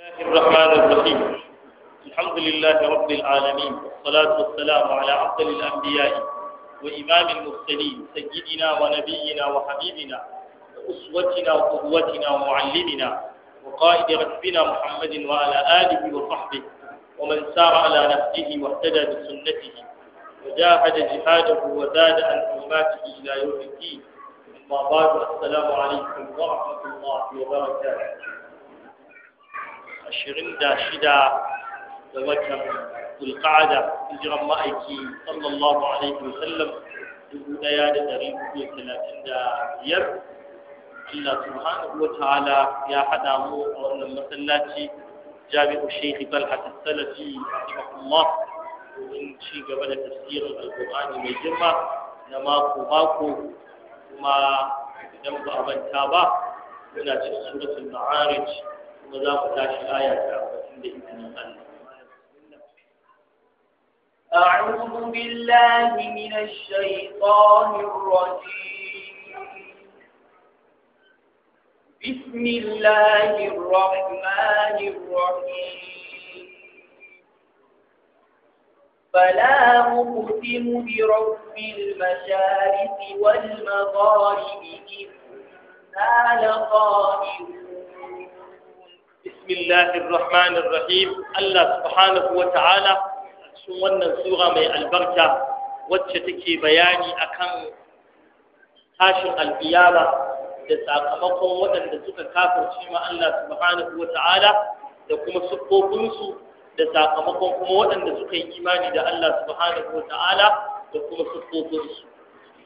الله الرحمن الرحيم الحمد لله رب العالمين والصلاة والسلام على أفضل الأنبياء وإمام المرسلين سيدنا ونبينا وحبيبنا وأسوتنا وقدوتنا ومعلمنا وقائد ربنا محمد وعلى آله وصحبه ومن سار على نفسه واهتدى بسنته وجاهد جهاده وزاد عن حرماته إلى يوم الدين أما بعد السلام عليكم ورحمة الله وبركاته ashirin da shida da watan zulqa'ada hijiran ma'aiki sallallahu alaihi wasallam dubu ɗaya da ɗari biyu talatin da biyar Allah subhanahu wa ta'ala ya haɗa mu a wannan masallaci jami'u Sheikh Talha Salafi rahimahullah domin ci gaba da tafsirin Alƙur'ani mai girma na mako mako kuma idan ba a manta ba muna cikin suratul Ma'arij kuma za ku tashi aya أعوذ بالله من الشيطان الرجيم بسم الله الرحمن الرحيم فلا أقسم برب المشارق والمغارب إنا لقادرون بسم الله الرحمن الرحيم الله سبحانه وتعالى cikin wannan sura mai albarka wacce take bayani akan tashin alƙiyama da sakamakon waɗanda suka kafirce ma Allah subhanahu wata'ala da kuma siffofinsu da sakamakon kuma waɗanda suka yi imani da Allah subhanahu wata'ala da kuma siffofinsu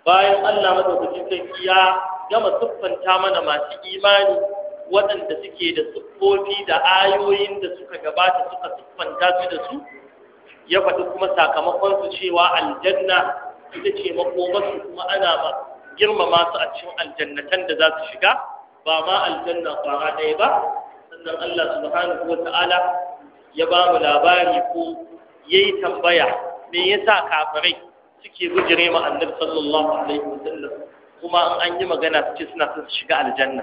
bayan Allah madaukakin sarki ya gama siffanta mana masu imani waɗanda suke da siffofi da ayoyin da suka gabata suka siffanta su da su ya faɗi kuma sakamakon su cewa aljanna ita ce makomarsu kuma ana ma girmama su a cikin aljannatan da za su shiga ba ma aljanna kwara ɗaya ba sannan Allah subhanahu wa ta'ala ya ba mu labari ko yi tambaya me yasa kafirai suke bujire ma annabi sallallahu alaihi sallam. kuma an yi magana su ce suna son su shiga aljanna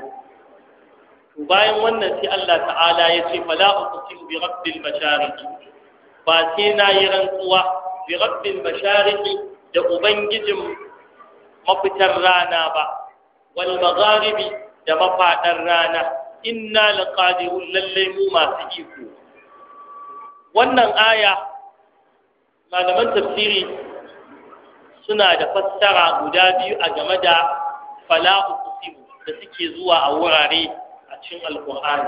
bayan wannan sai Allah ta'ala ya ce fala Kusin bi rabbil mashariq ba sai na yi rantsuwa bi rabbil mashariq da ubangijin mafitar rana ba wal magharibi da mafadar rana inna laqadirun lallai mu masu iko wannan aya malaman tafsiri suna da fassara guda biyu a game da Fala'u Kusin da suke zuwa a wurare cikin alqur'ani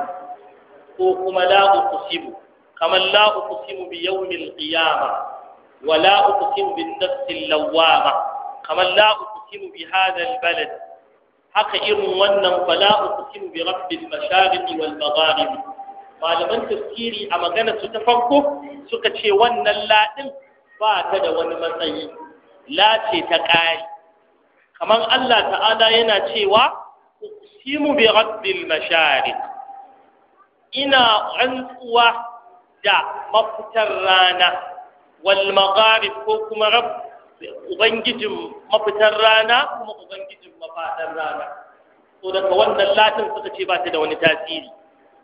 ko kuma la uqsimu kamar la uqsimu bi yawmil qiyamah wa la uqsimu bin nafsil lawwama kamar la uqsimu bi hadha balad haka irin wannan fala uqsimu bi rabbil mashariqi wal magharibi malaman tafsiri a magana su ta farko suka ce wannan laɗin ba ta da wani matsayi la ce ta ƙari kamar Allah ta'ala yana cewa uqsimu bi rabbil mashariq ina rantsuwa da mafitar rana wal magharib ko kuma rabb ubangijin mafitar rana kuma ubangijin mafadar rana to daga wannan latin suka ce ba ta da wani tasiri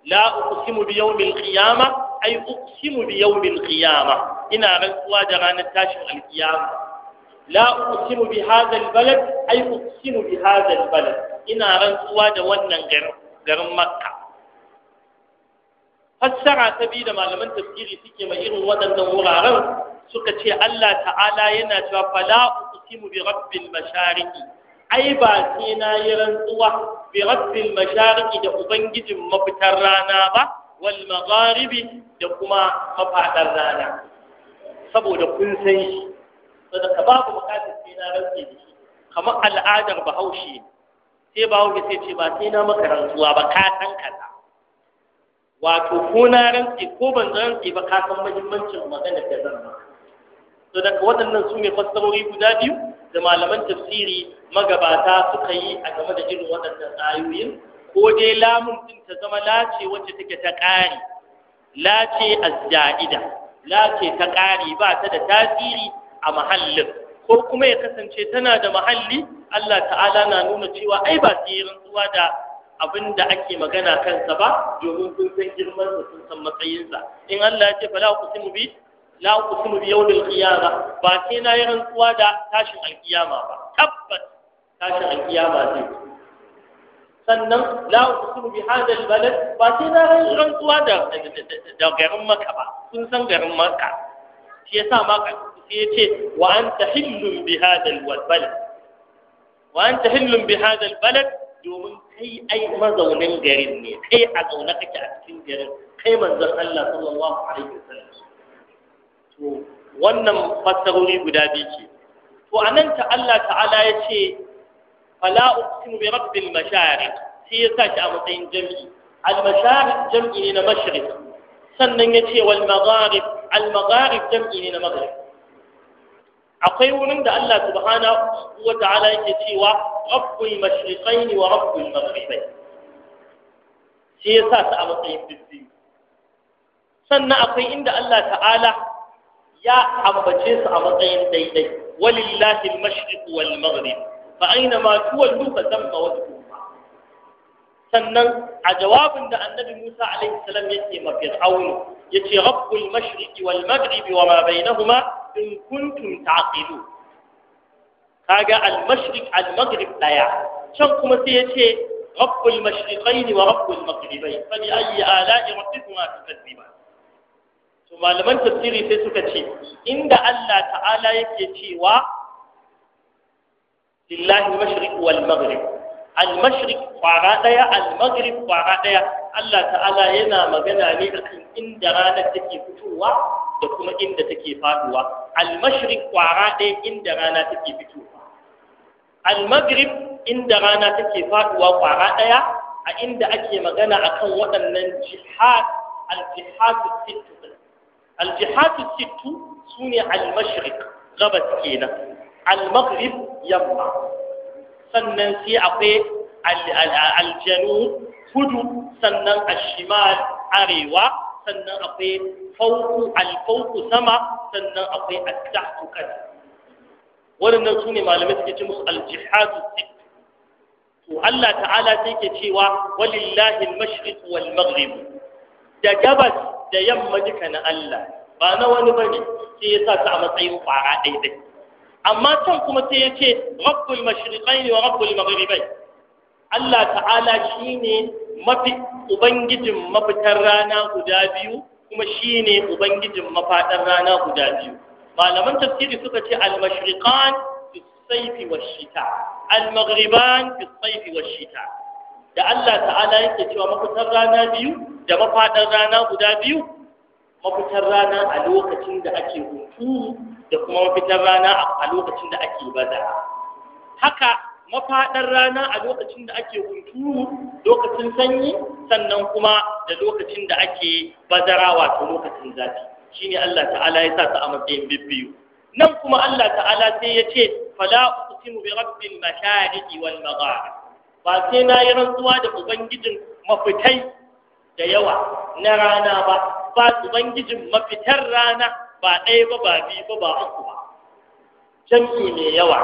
la uqsimu bi yawmil qiyamah ay uqsimu bi yawmil qiyamah ina rantsuwa da ranar tashin alkiyama la uqsimu bi hadha albalad ay uqsimu bi hadha albalad ina rantsuwa da wannan garin makka fassara ta biyu da malaman tafsiri suke ma irin waɗannan wuraren suka ce Allah ta'ala yana cewa fala uqsimu bi rabbil mashariqi ai ba sai na yi rantsuwa bi rabbil mashariqi da ubangijin mafitar rana ba wal magharibi da kuma mafadar rana saboda kun san sadaka babu bukatar sai na rantse da shi kamar al'adar bahaushe sai bahaushe sai ce ba sai na maka rantsuwa ba ka san kaza wato ko na rantsi ko ban rantsi ba ka san muhimmancin magana da zan ba? to daga waɗannan su ne fassarori guda biyu da malaman tafsiri magabata suka yi a game da irin waɗannan ayoyin ko dai lamun din ta zama lace wacce take ta ƙari lace azza'ida lace ta ƙare ba ta da tasiri a mahallin ko kuma ya kasance tana da mahalli Allah ta'ala na nuna cewa ai ba su yi rantsuwa da abin da ake magana kansa ba domin sun san girman da sun san matsayinsa in Allah ya ce fala uqsimu bi la uqsimu bi yawmil qiyama ba sai na yi rantsuwa da tashin alkiyama ba tabbas tashin alkiyama zai sannan la uqsimu bi hadal balad ba sai na yi rantsuwa da da garin Makka ba sun san garin Makka shi yasa ma sai ya ce wa anta hillun bi hadal balad wa anta hillun bi hadal balad domin kai ai mazaunin garin ne kai a zaune kake a cikin garin kai manzon Allah sallallahu alaihi wasallam to wannan fasarori guda biyu ce to anan ta Allah ta'ala ya ce fala uqsimu bi rabbil mashariq sai ya sa shi a matsayin jami'i al mashariq jami'i ne na mashriq sannan ya ce wal magharib al ne na maghrib akwai wurin da Allah subhanahu wa ta'ala yake cewa rabbul mashriqain wa rabbul maghribain shi yasa ta a matsayin bibbi sannan akwai inda Allah ta'ala ya ambace su a matsayin daidai walillahi al-mashriq wal maghrib fa aina ma tuwallu fa thamma wajhu sannan a jawabin da annabi Musa alaihi salam yake ma Fir'aun yace rabbul mashriq wal maghrib wa ma bainahuma in kuntum taqilu kaga al-mashriq al-maghrib daya can kuma sai yace rabbul mashriqain wa rabbul maghribain fa bi ayyi ala'i rabbikuma tukazziban to malaman tafsiri sai suka ce inda Allah ta'ala yake cewa lillahi al-mashriq wal maghrib al-mashriq kwara daya al-maghrib kwara daya Allah ta'ala yana magana ne akan inda ranar take fitowa da kuma inda take faduwa al kwara ɗaya inda rana take fitowa al inda rana take faduwa kwara ɗaya a inda ake magana akan waɗannan jihad sittu sittu sune almashrik gabas kenan Almagrib yamma sannan sai akwai Aljanu, kudu sannan al-shimal arewa sannan akwai fauku alfauku sama sannan akwai attahtu kan waɗannan su ne malamai suke ce musu aljihadu to Allah ta'ala sai ke cewa walillahi al-mashriq wal maghrib da gabas da yamma duka na Allah ba na wani bane sai ya sa su a matsayin kwara daidai amma can kuma sai ya ce rabbul mashriqaini wa rabbul maghribain Allah ta'ala shine mafi ubangijin mafitar rana guda biyu kuma shine ubangijin mafadar rana guda biyu malaman tafsiri suka ce al-mashriqan fi sayfi shita al-maghriban fi sayfi shita da Allah ta'ala yake cewa mafitar rana biyu da mafadar rana guda biyu mafitar rana a lokacin da ake hunturu da kuma mafitar rana a lokacin da ake bada haka mafaɗar rana a lokacin da ake hunturu lokacin sanyi sannan kuma da lokacin da ake bazara wato lokacin zafi shine Allah ta'ala ya sa su a matsayin bibbiyu nan kuma Allah ta'ala sai ya ce fala uqsimu bi rabbil mashariqi wal maghrib ba sai na yi rantsuwa da ubangijin mafitai da yawa na rana ba ba ubangijin mafitar rana ba ɗaya ba ba biyu ba ba uku ba jam'i mai yawa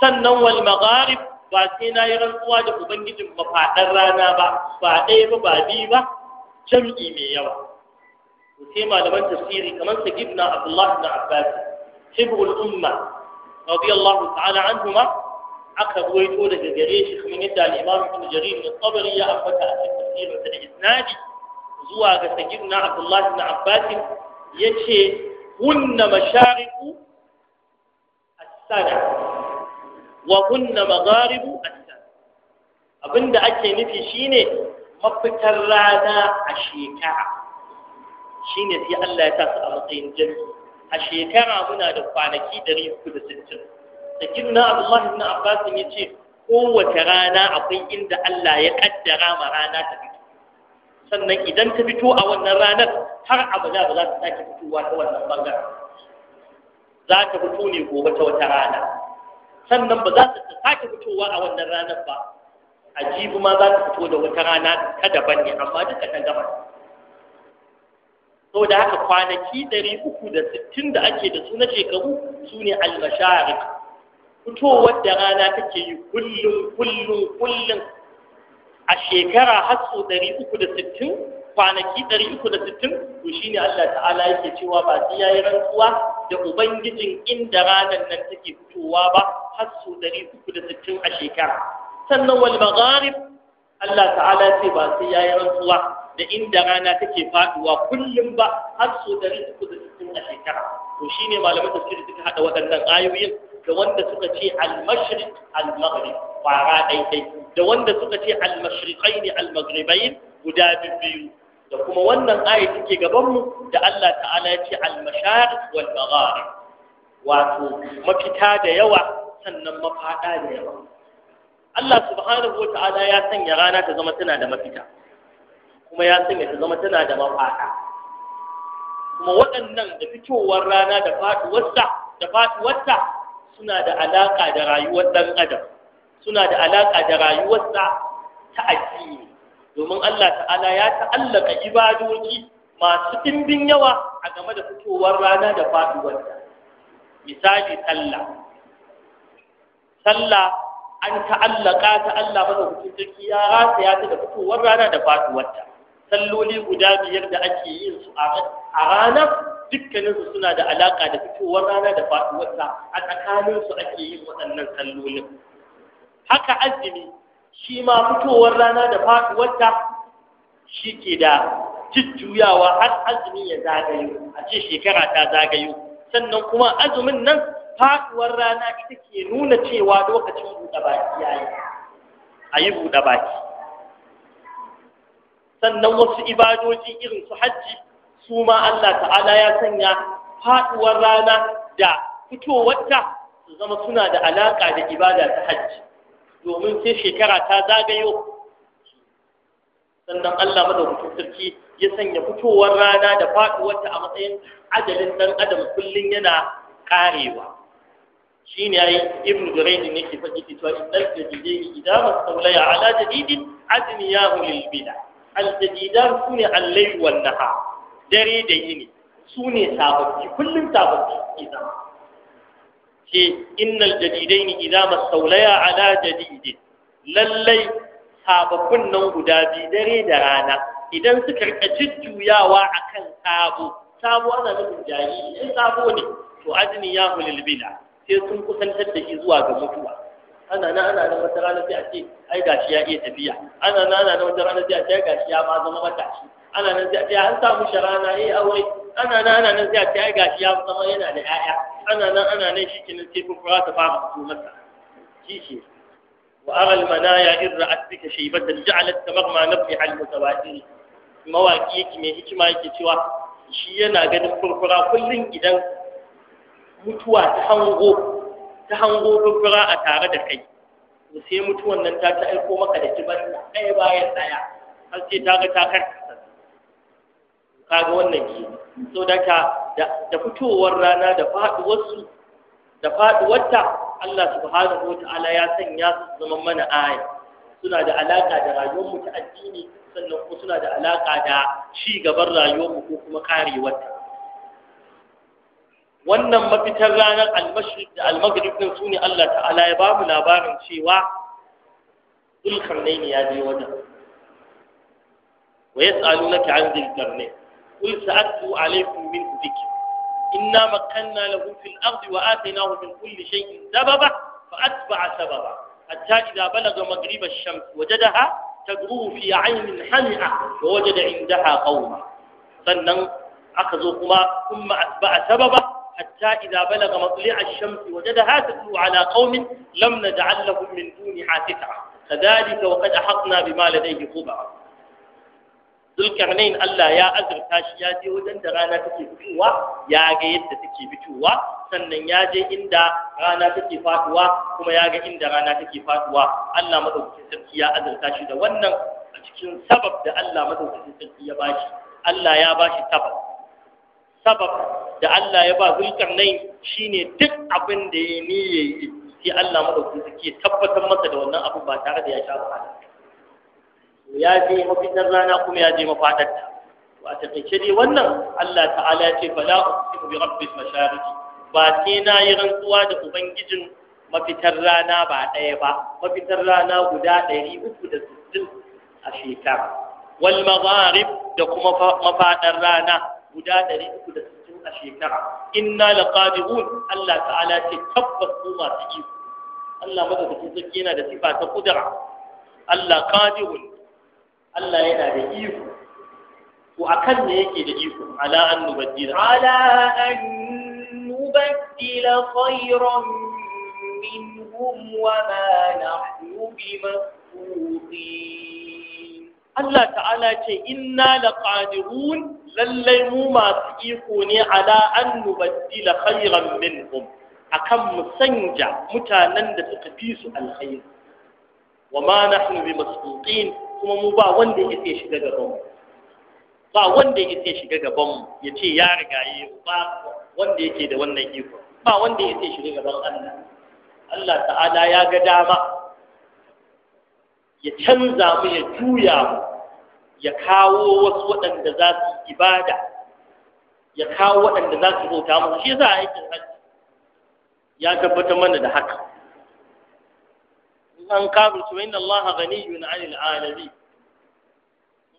sannan wal magharib ba sai na yi rantsuwa da ubangijin mafaɗar rana ba ba ɗaya ba ba biyu ba jam'i mai yawa to sai malaman tafsiri kamar sa gibna abdullahi na abbas hibrul umma radiyallahu ta'ala anhuma aka ruwaito daga gare shi kamar yadda al-imam ibn jarir min tabari ya ambata a cikin tafsirin da isnadi zuwa ga sayyidina abdullahi na abbas yace hunna mashariqu as-sana wa kunna magharibu atta abinda ake nufi shine mafitar rana a shekara shine sai Allah ya tasu a matsayin jami'i a shekara muna da kwanaki 360 sakinna Abdullah ibn Abbas ya ce kowace rana akwai inda Allah ya kaddara ma rana ta fito sannan idan ta fito a wannan ranar har abu abada ba za ta sake fitowa ta wannan bangaren za ta fito ne gobe ta wata rana sannan ba za ta sake fitowa a wannan ranar ba ajibu ma za ta fito da wata rana ta daban ne amma duka ta gama da haka kwanaki ɗari uku da sittin da ake da su na shekaru su ne almasharik fitowar da rana take yi kullum kullum kullum a shekara har sau ɗari uku da sittin kwanaki ɗari uku da sittin to ne Allah ta'ala yake cewa ba sai yayi rantsuwa da ubangijin inda ranar nan take fitowa ba har su sittin a shekara sannan wal magharib Allah ta'ala ce ba sai yayi rantsuwa da inda rana take faduwa kullum ba har su sittin a shekara to shine da suke suka hada waɗannan ayoyin da wanda suka ce al-mashriq al-maghrib fara daidai da wanda suka ce al-mashriqaini al-maghribain guda biyu da kuma wannan ayi take gabanmu, da Allah ta'ala ya ce al-mashariq wal magharib wato mafita da yawa sannan mafada da yawa Allah subhanahu wa ta'ala ya sanya rana ta zama tana da mafita kuma ya sanya ta zama tana da mafada kuma waɗannan da fitowar rana da faduwarsa da faduwarsa suna da alaka da rayuwar dan adam suna da alaka da rayuwarsa ta addini domin Allah ta'ala ya ta'allaka ibadoki masu dimbin yawa a game da fitowar rana da faduwarta misali sallah sallah an ta'allaka ta Allah madaukakin sarki ya ta da fitowar rana da faduwarta salloli guda biyar da ake yin su a ranar dukkaninsu suna da alaka da fitowar rana da faduwarta a tsakaninsu ake yin waɗannan sallolin haka azumi shi ma fitowar rana da faɗuwarta shi ke da jujjuyawa har azumi ya zagayo a ce shekara ta zagayo sannan kuma azumin nan faɗuwar rana ita ke nuna cewa lokacin buɗe baki ya yi a yi buɗe baki sannan wasu ibadoji irin su hajji su ma Allah ta'ala ya sanya faɗuwar rana da fitowarta su zama suna da alaƙa da ibada ta hajji domin sai shekara ta zagayo sannan Allah madaukakin sarki ya sanya fitowar rana da faduwarta a matsayin ajalin dan adam kullun yana karewa shine yayi ibnu jurayj ne ke faɗi cewa idan jadidai idan masaulaya ala jadidin adniyahu lil bida al jadidan sune al layl wal nahar dare da yini sune sababbi kullun sababbi idan ce innal jadidaini idza masaulaya ala jadidin lallai sababbin nan guda biyu dare da rana idan suka rika jujjuyawa akan sabo sabo ana nufin jariri in sabo ne to ajini ya hulil bila sai sun kusantar da shi zuwa ga mutuwa ana nan ana nan wata rana sai a ce ai gashi ya iya tafiya ana nan ana nan wata rana sai a ce ai gashi ya ma zama matashi ana nan sai a ce an samu sharana eh aure ana nan ana nan sai a ce ai gashi ya zama yana da 'ya'ya ana nan ana nan shi kenan sai furfura ta fara fito masa shi shi وأرى المنايا إذ رأت بك شيبة جعلت كمغمى نبح المتواتر mawaƙi yake mai hikima yake cewa shi yana ganin furfura kullum idan mutuwa ta hango ta hango furfura a tare da kai to sai mutuwan nan ta ta aiko maka da kibar ɗaya bayan ɗaya har sai ta ga ta karka kaga wannan ke so daga da fitowar rana da faduwarsu da faduwarta Allah subhanahu wa ta'ala ya sanya su zama mana aya suna da alaka da rayuwar mu ta addini sannan kuma suna da alaka da ci gaban rayuwar mu ko kuma karewarta wannan mafitar ranar al-mashriq da al-maghrib din sune Allah ta'ala ya bamu labarin cewa dulkarnaini ya je wajen wa yas'alunaka an dhil قل سأتلو عليكم منه ذكر إنا مكنا له في الأرض وآتيناه من كل شيء سببا فأتبع سببا حتى إذا بلغ مغرب الشمس وجدها تجرو في عين حمئة ووجد عندها قوما فنن أخذوهما ثم أتبع سببا حتى إذا بلغ مطلع الشمس وجدها تتلو على قوم لم نجعل لهم من دونها تتعا كذلك وقد أحطنا بما لديه خبرا zulkarnain Allah ya azurta shi ya je wajen da rana take fitowa ya ga yadda take fitowa sannan ya je inda rana take faduwa kuma ya ga inda rana take faduwa Allah madaukakin sarki ya azurta shi da wannan a cikin sabab da Allah madaukakin sarki ya bashi Allah ya bashi sabab sabab da Allah ya ba zulkarnain shine duk abin da ya niyye sai Allah madaukakin sarki ya tabbatar masa da wannan abu ba tare da ya sha wahala ya je mafitar rana kuma ya je mafadarta to a takaice dai wannan Allah ta'ala ya ce fala uqsimu bi rabbil mashariki. ba sai na yi rantsuwa da ubangijin mafitar rana ba ɗaya ba mafitar rana guda ɗari uku da sittin a shekara wal magharib da kuma mafaɗar rana guda ɗari uku da sittin a shekara inna laqadirun Allah ta'ala ce tabbas su masu iko Allah madaukakin sarki yana da sifa ta kudura Allah qadirun Allah yana da iko to akan ne yake da iko ala an nubaddila ala an nubaddila khayran minhum wa ma nahnu bimafuqin Allah ta'ala ce inna laqadirun lallai mu masu iko ne ala an nubaddila khayran minhum akan mu sanja mutanen da suka fi su alkhairi wa ma nahnu bimasbuqin kuma mu ba wanda ya sai shiga gaban mu ba wanda ya sai shiga gaban mu ya ce ya riga yi ba wanda yake da wannan iko ba wanda ya sai shiga gaban Allah Allah ta'ala ya ga dama ya canza mu ya juya mu ya kawo wasu waɗanda za su ibada ya kawo waɗanda za su bauta mu shi yasa aikin hajji ya tabbata mana da haka an kafirce wa inna Allah ghaniyun 'anil 'alamin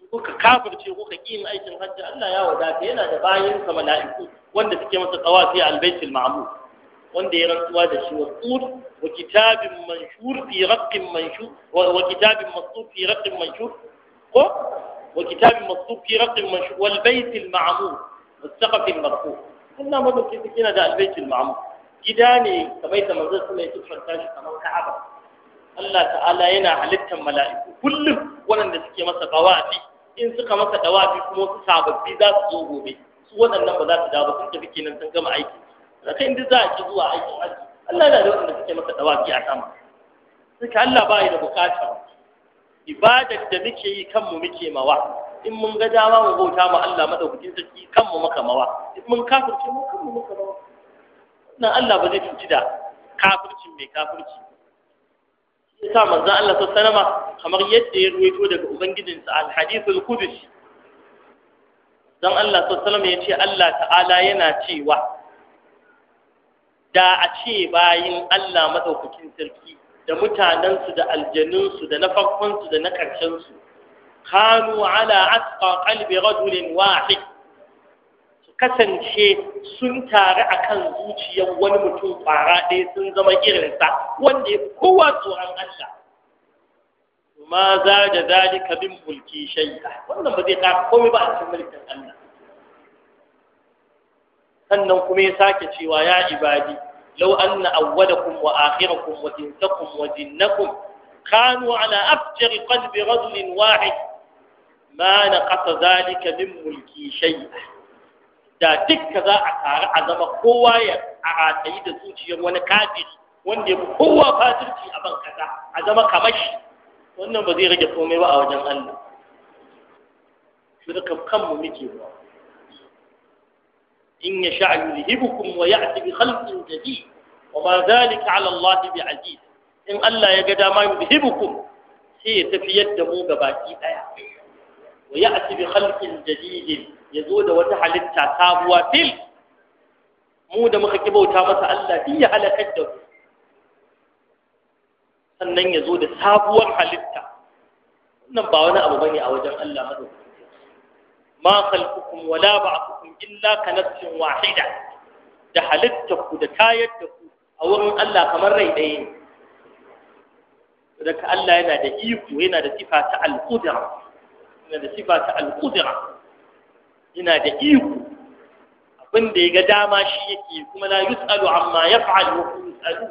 kuka kafirce kuka kin aikin hajji Allah ya wadata yana da bayin sa mala'iku wanda suke masa tawafi al baitul ma'mur wanda ya rantsuwa da shi wa qur wa kitabin manshur fi raqqin manshur wa kitabin mastur fi raqqin manshur ko wa kitabin fi raqqin manshur wal baitul ma'mur والسقف المرفوع كنا البيت gida ne kamar da manzon suna ya tuffanta shi Allah ta'ala yana halittar mala'iku kullum waɗanda suke masa dawafi in suka masa dawafi kuma wasu sababbi za su zo gobe su waɗannan ba za su dawo sun tafi kenan sun gama aiki kai inda za a ci zuwa aikin aiki Allah yana da waɗanda suke masa dawafi a sama suka Allah ba da bukata ibadar da muke yi kanmu muke mawa in mun ga dama mu bauta ma Allah madaukakin sarki kanmu muka mawa in mun kafirce mu kanmu muka mawa nan Allah ba zai cuci da kafircin mai kafirci yasa manzo Allah sanama kamar yadda ya ruwaito daga ubangijinsa al-hadithul qudsi dan Allah sallama ya ce Allah ta'ala yana cewa da a ce bayin Allah madaukakin sarki da mutanensu da aljanunsu da na farkonsu da na ƙarshensu kanu ala asqa qalbi rajulin wahid kasance sun taru a kan zuciyar wani mutum kwara ɗaya sun zama irinsa wanda ya kowa tsoron Allah ma za da da bin mulki shaida wannan ba zai ƙara komai ba a cikin mulkin Allah sannan kuma ya sake cewa ya ibadi lau na anna kun wa akhirakum wa insakum wa jinnakum kanu ala afjari qalbi rajulin wahid ma za zalika min mulki shaida da dukka za a taru a zama kowa ya a ratayi da zuciyar wani kafiri wanda ya fi kowa fatirci a ban kaza a zama kamar shi wannan ba zai rage komai ba a wajen Allah shirka kanmu muke ba in ya sha yulhibukum wa ya'ti bi khalqin jadid wa ma zalika 'ala Allah bi aziz in Allah ya ga dama yulhibukum sai ya tafi yadda mu ga baki daya wa ya'ti bi khalqin jadid ya zo da wata halitta sabuwa fil mu da muka ki masa Allah din ya halakar da mu sannan ya zo da sabuwar halitta wannan ba wani abu bane a wajen Allah madaukakin ma khalqukum wala ba'thukum illa ka nafsin wahida da halitta ku da tayar da ku a wurin Allah kamar rai ɗaya ne daga Allah yana da iko yana da sifa ta al-qudra yana da sifa ta al-qudra ina da iko abin da ya ga dama shi yake kuma la yus'alu amma yaf'al wa hum yus'alu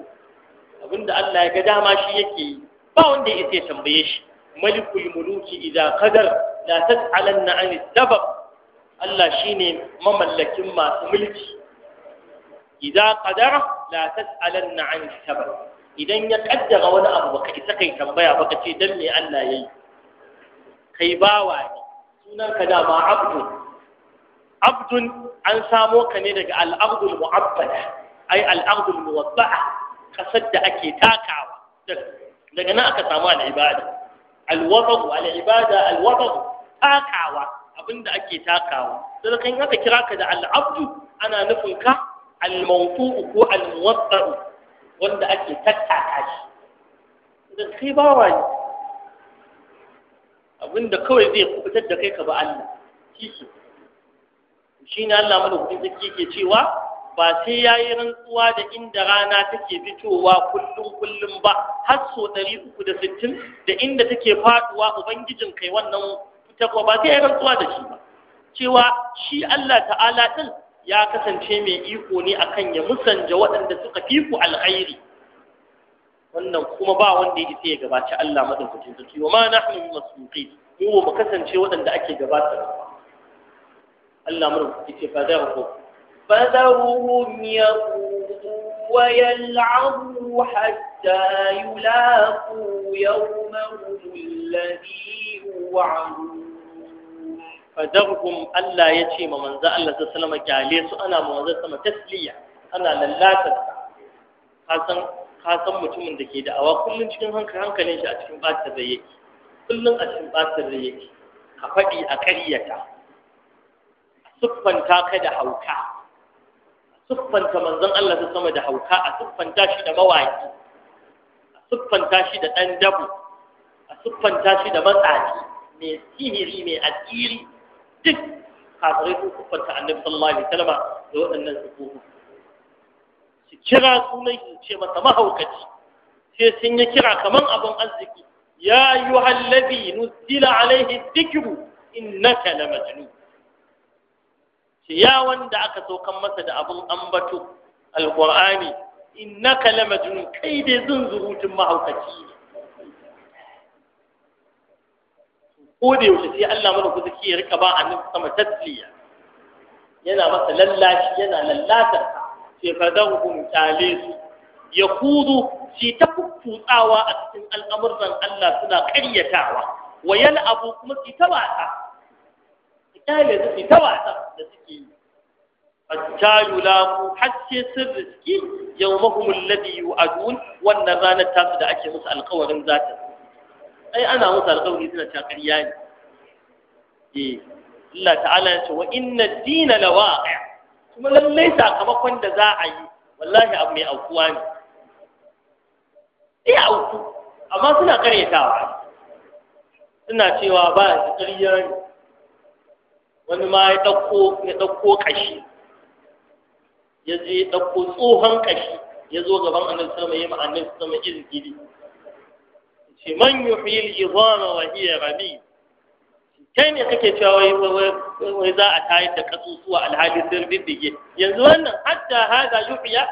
abin da Allah ya ga dama shi yake ba wanda ya tambaye shi malikul muluki idza qadar la tas'alanna an sabab Allah shine mamallakin masu mulki idza qadara la tas'alanna an sabab idan ya kaddara wani abu baka isa kai tambaya baka ce dan me Allah yayi kai bawa ne sunan ka da ma abdu abdun an samo ka ne daga al'abdul mu'abbada ai al'abdul muwadda'a kasar da ake takawa daga nan aka samu al'ibada al'ibada takawa abinda ake takawa sai kan aka kira ka da al'abdu ana nufin ka al-mawfu'u ko al-muwadda'u wanda ake tattaka shi da kai bawa ne abinda kawai zai kubutar da kai ka ba Allah shi shine Allah madaukakin sarki ke cewa ba sai ya yi rantsuwa da inda rana take fitowa kullum kullum ba har so uku da sittin, da inda take faduwa ubangijin kai wannan fitarwa ba sai ya yi rantsuwa da shi ba cewa shi Allah ta'ala din ya kasance mai iko ne akan ya musanja waɗanda suka fi ku alkhairi wannan kuma ba wanda ya isa ya gabaci Allah madaukakin sarki wa ma nahnu bi masbuqin mu ba kasance waɗanda ake gabatarwa Allah murkuki ce fadaruhu fadaruhum yaqudu wa yal'abu hatta yulaqu yawmahum alladhi yu'adun fadaruhum Allah ya ce ma manzo Allah sallallahu alaihi wasallam kyale su ana ma manzo sama tasliya ana lallatar ka san mutumin da ke da awa kullun cikin hankali hankalin shi a cikin bata da yake kullun a cikin bata da yake ka faɗi a ƙaryata siffanta ka da hauka siffanta manzon Allah ta sama da hauka a siffanta shi da mawaki a siffanta shi da ɗan dabu a siffanta shi da matsaci mai sihiri mai asiri duk kafirai sun siffanta annabi sallallahu alaihi wasallam da waɗannan sifofi su kira sunan shi ce masa mahaukaci sai sun yi kira kaman abin arziki ya yi ayyuhal ladhi nuzila alaihi dhikru innaka lamajnun ya wanda aka saukan masa da abin ambato alqur'ani innaka lamajnun kai dai zunzurutun mahaukaci ko da yaushe sai Allah mana kusa ke rika ba a annabi sama tasliya yana masa lallashi yana lallatar sai fadahum talisu kudu shi ta kukkutsawa a cikin al'amuran Allah suna karyatawa wa yal'abu kuma shi ta wasa kyale su su ta wasan da suke yi hatta yulaku hasse sun riski yawmahum alladhi yu'adun wannan ranar tasu da ake musu alƙawarin zata ai ana musu alƙawari suna ta ƙarya ne eh Allah ta'ala ya ce wa inna ad-dina lawaqi' kuma lallai sakamakon da za a yi wallahi abu mai aukuwa ne iya auku amma suna karyatawa suna cewa ba ƙarya ne wani ma ya ɗauko ya ɗauko ƙashi ya je ya ɗauko tsohon ƙashi ya zo gaban annal sama ya ma annabi sallama izgiri ce man yuhil izama wa iya rami kai ne kake cewa wai wai za a tayar da kasusuwa alhali sun diddige yanzu wannan hatta hada yuhya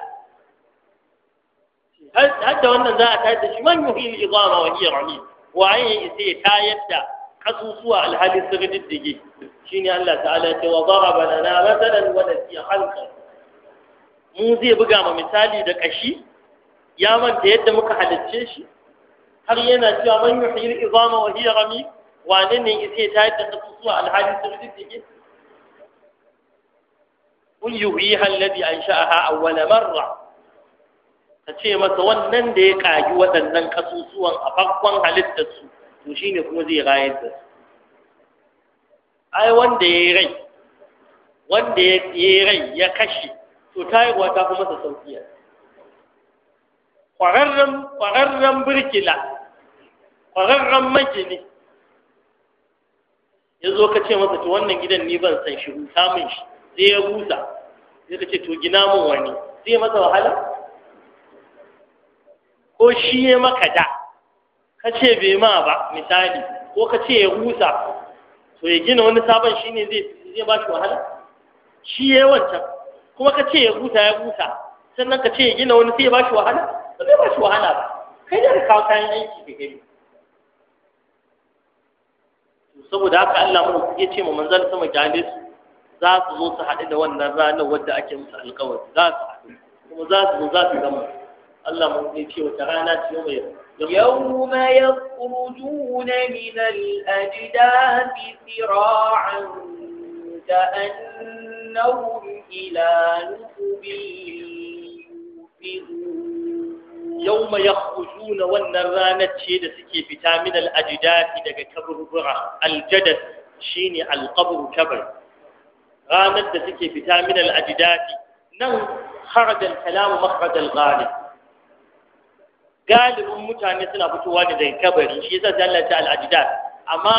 hatta wannan za a tayar da shi man yuhil izama wa iya rami waye sai ya tayar da kasusuwa alhali sun diddige ne Allah ta'ala ce wa daraba lana masalan wa nasiya halka. mu zai buga ma misali da kashi ya manta yadda muka halicce shi har yana cewa man yuhyi izama wa hiya rami wane ne yake tayar yadda kasusuwa alhali sun diddige kun yi wuyi yuhyiha alladhi ansha'aha awwala marra ce masa wannan da ya kaji waɗannan kasusuwan a farkon halittar su to ne kuma zai rayar da su ai wanda ya yi rai wanda ya yi rai ya kashe to ta yi ta kuma masa sauƙiya Ƙwararren birkila ƙwararren magini ya zo ka ce masa to wannan gidan ni ban san shi ta min shi sai ya rusa sai ka ce to gina min wani zai masa wahala ko shi ya maka da ka ce bai ma ba misali ko ka ce ya husa to ya gina wani sabon shi ne zai ba shi wahala shi ya yi wancan kuma ka ce ya rusa, ya rusa. sannan ka ce ya gina wani sai ya ba shi wahala ba zai ba shi wahala ba kai da ka kawo kayan aiki ka gani saboda haka Allah mu ya ce ma manzon sama gane su za su zo su haɗu da wannan ranar wadda ake musu alƙawari za su haɗu kuma za su zo za su gama Allah mu ya ce wata rana ce mai يوم يخرجون من الأجداث سراعا كأنهم إلى نصب يوم يخرجون والنرانة شيء سكي من الأجداث دقى كبر برع الجدد شيني القبر كبر رانة سكي من الأجداث نو خرج الكلام مخرج الغالب galibin mutane suna fitowa ne daga kabari shi yasa sai Allah ya ce al-ajdad amma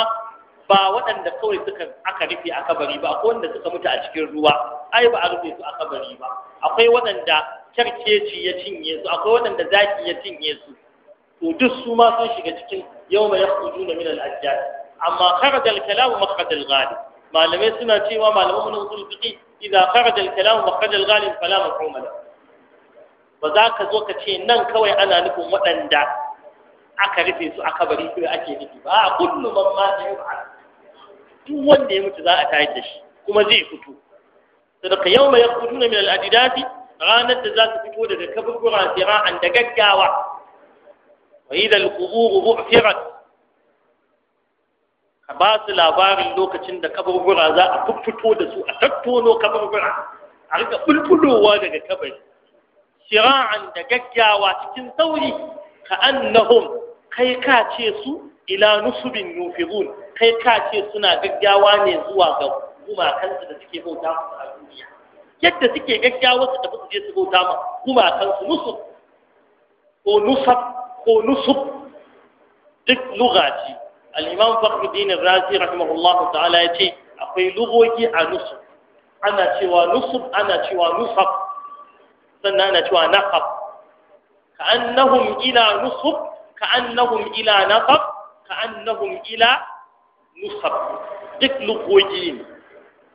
ba waɗanda kawai suka aka rufe a kabari ba akwai wanda suka mutu a cikin ruwa ai ba a rufe su a kabari ba akwai waɗanda kyarkeci ya cinye su akwai waɗanda zaki ya cinye su to duk su ma sun shiga cikin yau yawma yakhrujuna min al-ajdad amma kharaja al-kalamu makhraj al-ghalib malamai suna cewa malaman usul fiqh idza kharaja al-kalamu makhraj al-ghalib fala mafhuma lahu ba za ka zo ka ce nan kawai ana nufin waɗanda aka rufe su aka bari su ake nufi ba a kullu man ma da yau ba. duk wanda ya mutu za a tayar da shi kuma zai fito sadaka yau mai yakutu na minal adidati ranar da za su fito daga kaburbura sira'an da gaggawa wa yi da ka ba su labarin lokacin da kaburbura za a fito da su a tattono kaburbura a rika bulbulowa daga kabari da gaggawa cikin sauri ka كأنهم kai ka ce su ila nusubin yufirun kai ka ce suna gaggawa ne zuwa ga gumakansu da suke bauta musu a duniya yadda suke gaggawa su tafi su je su bauta ma gumakansu nusub ko nusab ko nusub duk lugaci al-imam fakhruddin razi rahimahullah ta'ala ya ce akwai lugogi a nusub ana cewa nusub ana cewa nusab sannan ana cewa naqab ka'annahum ila nusub ka'annahum ila naqab ka'annahum ila nusab duk lugogi ne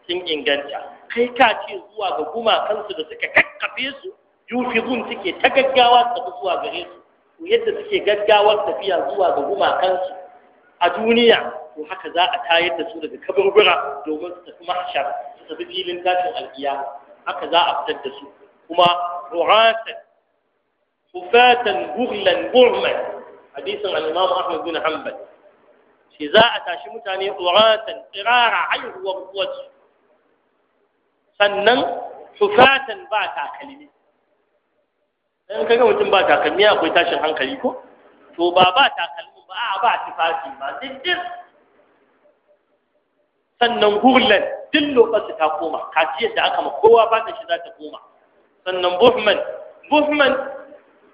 sun inganta kai ka ce zuwa ga gumakansu da suka kakkafe su yufizun suke ta gaggawa su zuwa gare su to yadda suke gaggawar tafiya zuwa ga gumakansu a duniya to haka za a tayar da su daga kaburbura domin su tafi mahshar su tafi filin tashin alkiya haka za a fitar da su kuma ru'atan kufatan bughlan bu'man hadisin al-imam Ahmad bin Hanbal shi za a tashi mutane ru'atan tsirara haihuwar wasu sannan kufatan ba takalmi dan kaga mutum ba takalmi akwai tashin hankali ko to ba ba takalmi ba a ba tufafi ba dindin sannan gurlan duk lokacin ta koma kaciyar da aka ma kowa ba ta shi za ta koma sannan buhman buhman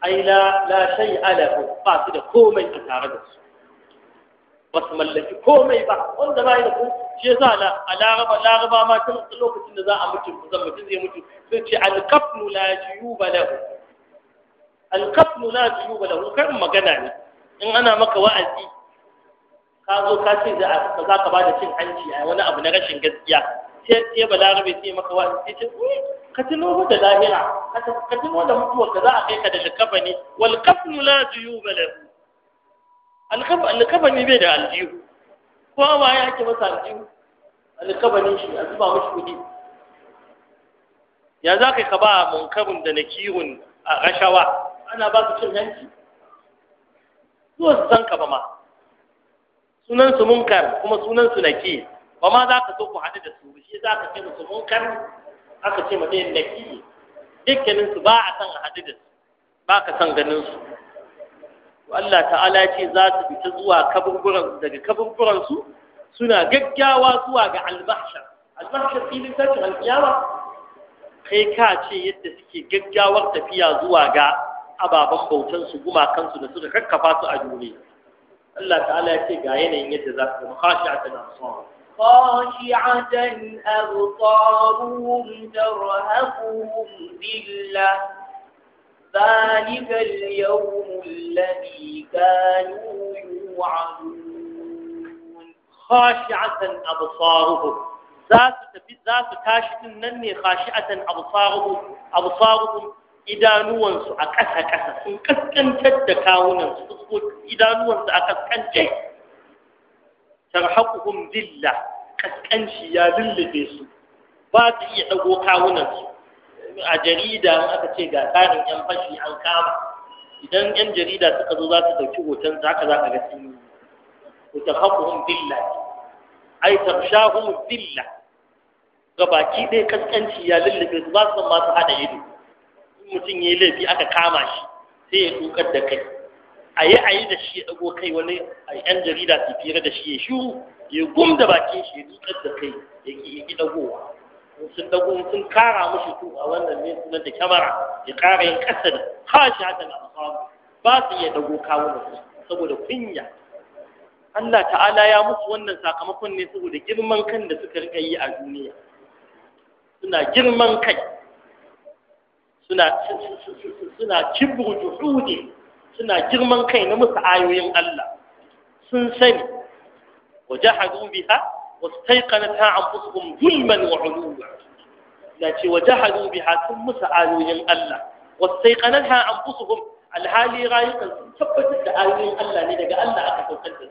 ai la la shay alahu ba su da komai a tare da su ba su mallaki komai ba wanda ba yi da ku shi yasa la alaraba laraba ma tun lokacin da za a mutu zan mutu zai mutu sai ce alqafnu la juyuba lahu alqafnu la juyuba lahu karin magana ne in ana maka wa'azi ka zo ka ce da za ka ba da cin hanci a wani abu na rashin gaskiya sai sai balarabe sai maka wa'azi sai ce ka mu da lahira katino da mutuwa ka za a kai ka da likafani wal kafnu la juyuba lahu likafani bai da aljihu ko ba ya ke masa aljihu likafani shi a zuba mashi kudi ya za ka ba munkarin da nakirun a rashawa ana ba su cin hanci zuwa su san ka ba ma sunan su munkar kuma sunan su ke. ba ma za ka so ku haɗu da su shi za ka kai su munkar aka ce mutum naki dukkanin su ba a san a hadu ba ka san ganin su Allah ta'ala ya ce za su fita zuwa kaburburan daga kaburburan su suna gaggawa zuwa ga al-mahshar filin tashin al kai ka ce yadda suke gaggawar tafiya zuwa ga ababen bautan su gumakan su da suka kakkafa su a duniya Allah ta'ala ya ce ga yanayin yadda za su zama khashi'atan asar خاشعة أبصارهم ترهقهم ذلة ذلك اليوم الذي كانوا يوعدون خاشعة أبصارهم ذات ذات تاشت نني خاشعة أبصارهم أبصارهم idanuwansu a ƙasa-ƙasa sun kaskantar da kawunansu fuskoki idanuwansu a kaskance tarhaquhum dillah ƙasƙanci ya lullube su ba su iya ɗago su a jarida aka ce ga tsarin 'yan fashi an kama idan 'yan jarida suka zo za su ɗauki hoton za ka za ka ga sun yi وتخافهم ذلة أي billa. ga baki ɗaya kaskanci ya lullube su ba su san masu haɗa ido in mutum ya yi laifi aka kama shi sai ya tukar da kai a yi a yi da shi ya ɗago kai wani a yan jarida su fira da shi ya shuru ya gum da bakin shi ya tutar da kai ya ki yi dagowa sun dago sun kara mushi to a wannan ne sunan da kyamara ya kara yin kasa da kashi haka na asabu ba su iya dago kawo da saboda kunya Allah ta'ala ya musu wannan sakamakon ne saboda girman kan da suka rika yi a duniya suna girman kai suna suna kibru juhudi suna girman kai na musu ayoyin Allah sun sani وجحدوا بها واستيقنتها أنفسهم ظلما وعلوا لكن وجحدوا بها ثم سألوا من الله واستيقنتها أنفسهم الحالي غاية ثبتت آيين الله لدى الله أكثر قدس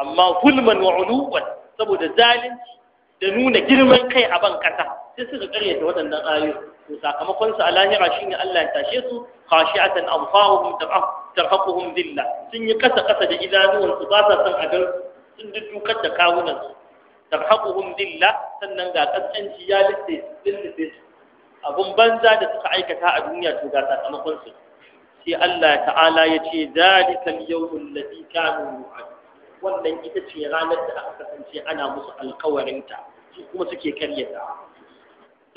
أما ظلما وعلوا سبب ذلك da nuna girman kai a ban kasa sai suka karyata waɗannan ayoyi to sakamakon su a lahira shine Allah ya tashe su khashi'atan absaruhum tab'a tarhaquhum dhilla sun yi kasa kasa da idanuwan su ba sa son a sun dukkan da kawunan su tarhaquhum dhilla sannan ga kaskanci ya lisse lisse abun banza da suka aikata a duniya to ga sakamakon su sai Allah ta'ala ya ce zalika al-yawmul ladhi kanu wannan ita ce ranar da aka kasance ana musu alkawarinta su kuma suke karyata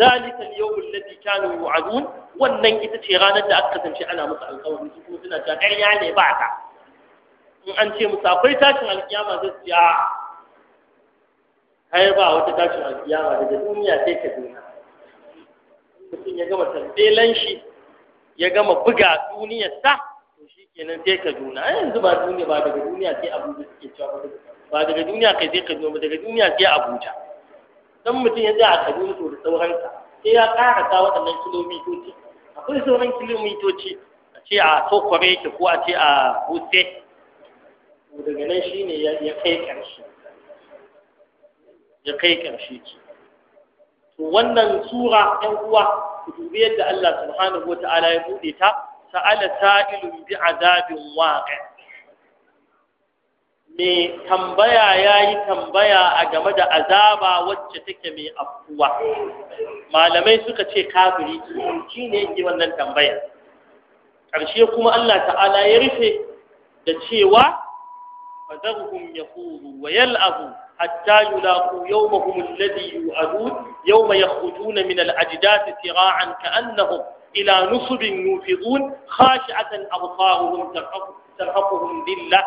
ذلك اليوم الذي كانوا يوعدون wannan ita ce ranar da aka kasance ana musu alƙawari su kuma suna cewa ƙarya ne ba ta in an ce musu akwai tashin alƙiyama zai ce a kai ba wata tashin alƙiyama daga duniya sai ka duniya mutum ya gama tarbelan shi ya gama buga duniyar sa to shi kenan sai ka duna yanzu ba duniya ba daga duniya sai abuja suke cewa ba daga duniya kai sai ka duna ba daga duniya sai abuja dan mutum ya tsaya a Kaduna to da sauransa sai ya ƙara ta waɗannan kilomitoci akwai sauran kilomitoci a ce a Tokore yake ko a ce a Wuse daga nan shine ya kai ƙarshe ya kai ƙarshe ce to wannan sura ɗan uwa ku dubi yadda Allah subhanahu ta'ala ya buɗe ta sa'ala sa'ilun bi azabin waqi' mai tambaya ya yi tambaya a game da azaba wacce take mai afkuwa malamai suka ce kafiri shi ne yake wannan tambaya ƙarshe kuma Allah ta'ala ya rufe da cewa fadahum yaqulu wa yal'abu hatta yulaqu yawmahum alladhi yu'adun yawma yakhrujuna min al-ajdath sira'an ka'annahum ila nusubin yufidun khashi'atan absaruhum tarhaquhum dhillah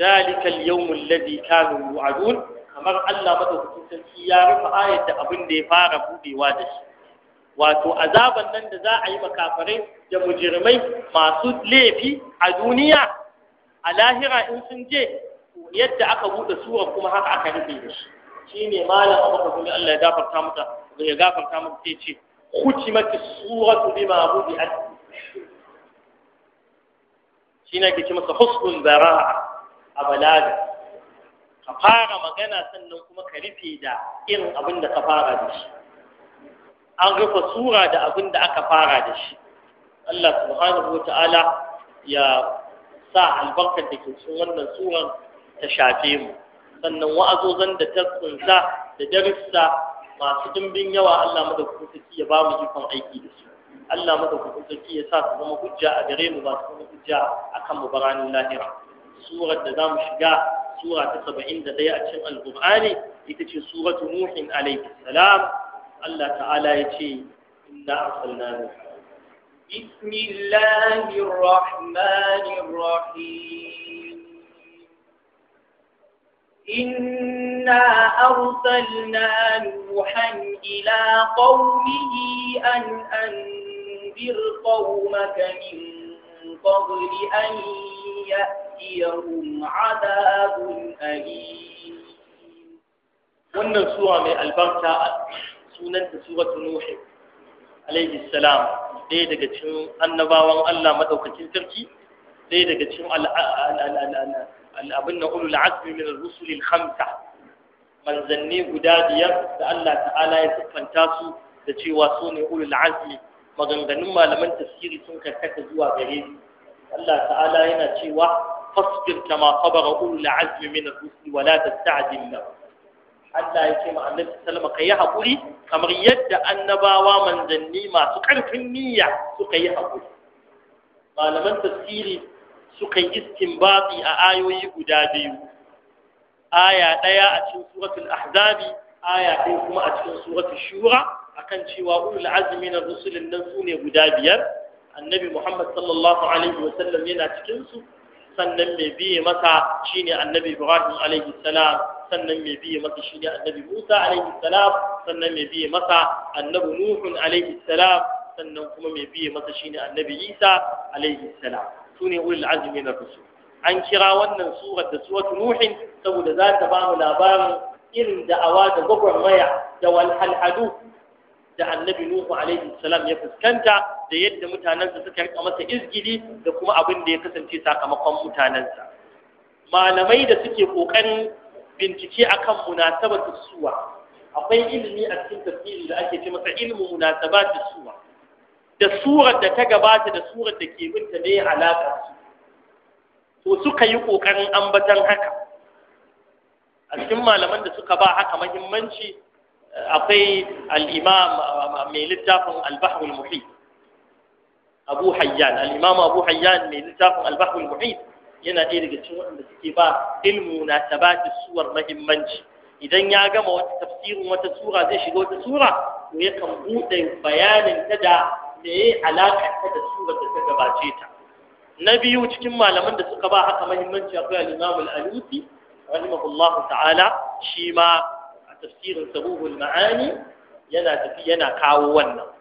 ذلك اليوم الذي كانوا يوعدون kamar Allah madaukakin sarki ya rufe ayar abin da ya fara budewa da shi wato azaban nan da za a yi makafarai da mujirmai masu laifi a duniya a lahira in sun je yadda aka bude sura kuma haka aka rufe da shi shine malam abu kuma Allah ya gafarta mata ya gafarta mata sai ce khutimati suratu bima budi'at shine ke ce masa husnul zara'a a balaga ka fara magana sannan kuma ka rufe da irin abin da ka fara da shi an rufe sura da abin da aka fara da shi Allah subhanahu wa ta'ala ya sa albarkar da ke cikin wannan suran ta shafe mu sannan wa'azozan da ta tsinsa da darussa masu dimbin yawa Allah madaukakin sarki ya ba mu ikon aiki da su Allah madaukakin sarki ya sa su zama hujja a gare mu ba su zama hujja akan mu baranin lahira سورة دام شقا سورة تقب عند دياء تشم القرآن يتشي سورة نوح عليه السلام الله تعالى يتشي إنا أرسلنا نوحا بسم الله الرحمن الرحيم إنا أرسلنا نوحا إلى قومه أن أنذر قومك من قبل أن يأتي يأتيهم عذاب أليم wannan suwa mai albarka sunanta suratu nuhi alaihi salam ɗaya daga cikin annabawan Allah madaukakin sarki ɗaya daga cikin abin na ulul azmi min rusul khamsa manzanni guda biyar da Allah ta'ala ya siffanta su da cewa su ne ulul azmi maganganun malaman tafsiri sun karkata zuwa gare su Allah ta'ala yana cewa fasbir kama sabara ulul azmi min ar-rusul wa la Allah ya ce ma Annabi sallama kai hakuri kamar yadda annabawa manzanni masu karfin niyya suka yi hakuri malaman tafsiri suka yi istinbati a ayoyi guda biyu ya ɗaya a cikin suratul ahzabi aya ɗaya kuma a cikin suratul shura akan cewa ulul azmi na rusulin nan sune guda biyar annabi Muhammad sallallahu alaihi wa sallam yana cikinsu. sannan mai biye masa shine annabi Ibrahim alaihi salam sannan mai biye masa shine annabi Musa alaihi salam sannan mai biye masa annabi Nuhu alaihi salam sannan kuma mai biye masa shine annabi Isa alaihi salam sune ulul azmi na rusul an kira wannan surar da suwatu Nuhin saboda za ta ba mu labarin irin da'awa da gwagwarmaya da walhalhadu da annabi Nuhu alaihi salam ya fuskanta da yadda mutanensa suka rika masa izgili da kuma abin da ya kasance sakamakon mutanensa malamai da suke kokarin bincike akan munasabar suwa akwai ilimi a cikin tafsiri da ake ce masa munasaba da suwa da surar da ta gabata da surar da ke binta ne alaƙa su to suka yi kokarin ambatan haka a cikin malaman da suka ba haka mahimmanci eh, akwai al'imam ah, ah, mai littafin al-bahrul abu hayyan al abu hayyan mai littafin albahul bahr yana ɗaya daga cikin waɗanda suke ba ilmu na tabati suwar muhimmanci idan ya gama wata tafsirin wata sura zai shiga wata sura to yakan buɗe bayanin ta da meye alaƙar ta da surar da ta gabace ta na biyu cikin malaman da suka ba haka muhimmanci akwai alimamu imam al rahimahullahu ta'ala shi ma a tafsirin sabuhul ma'ani yana tafi yana kawo wannan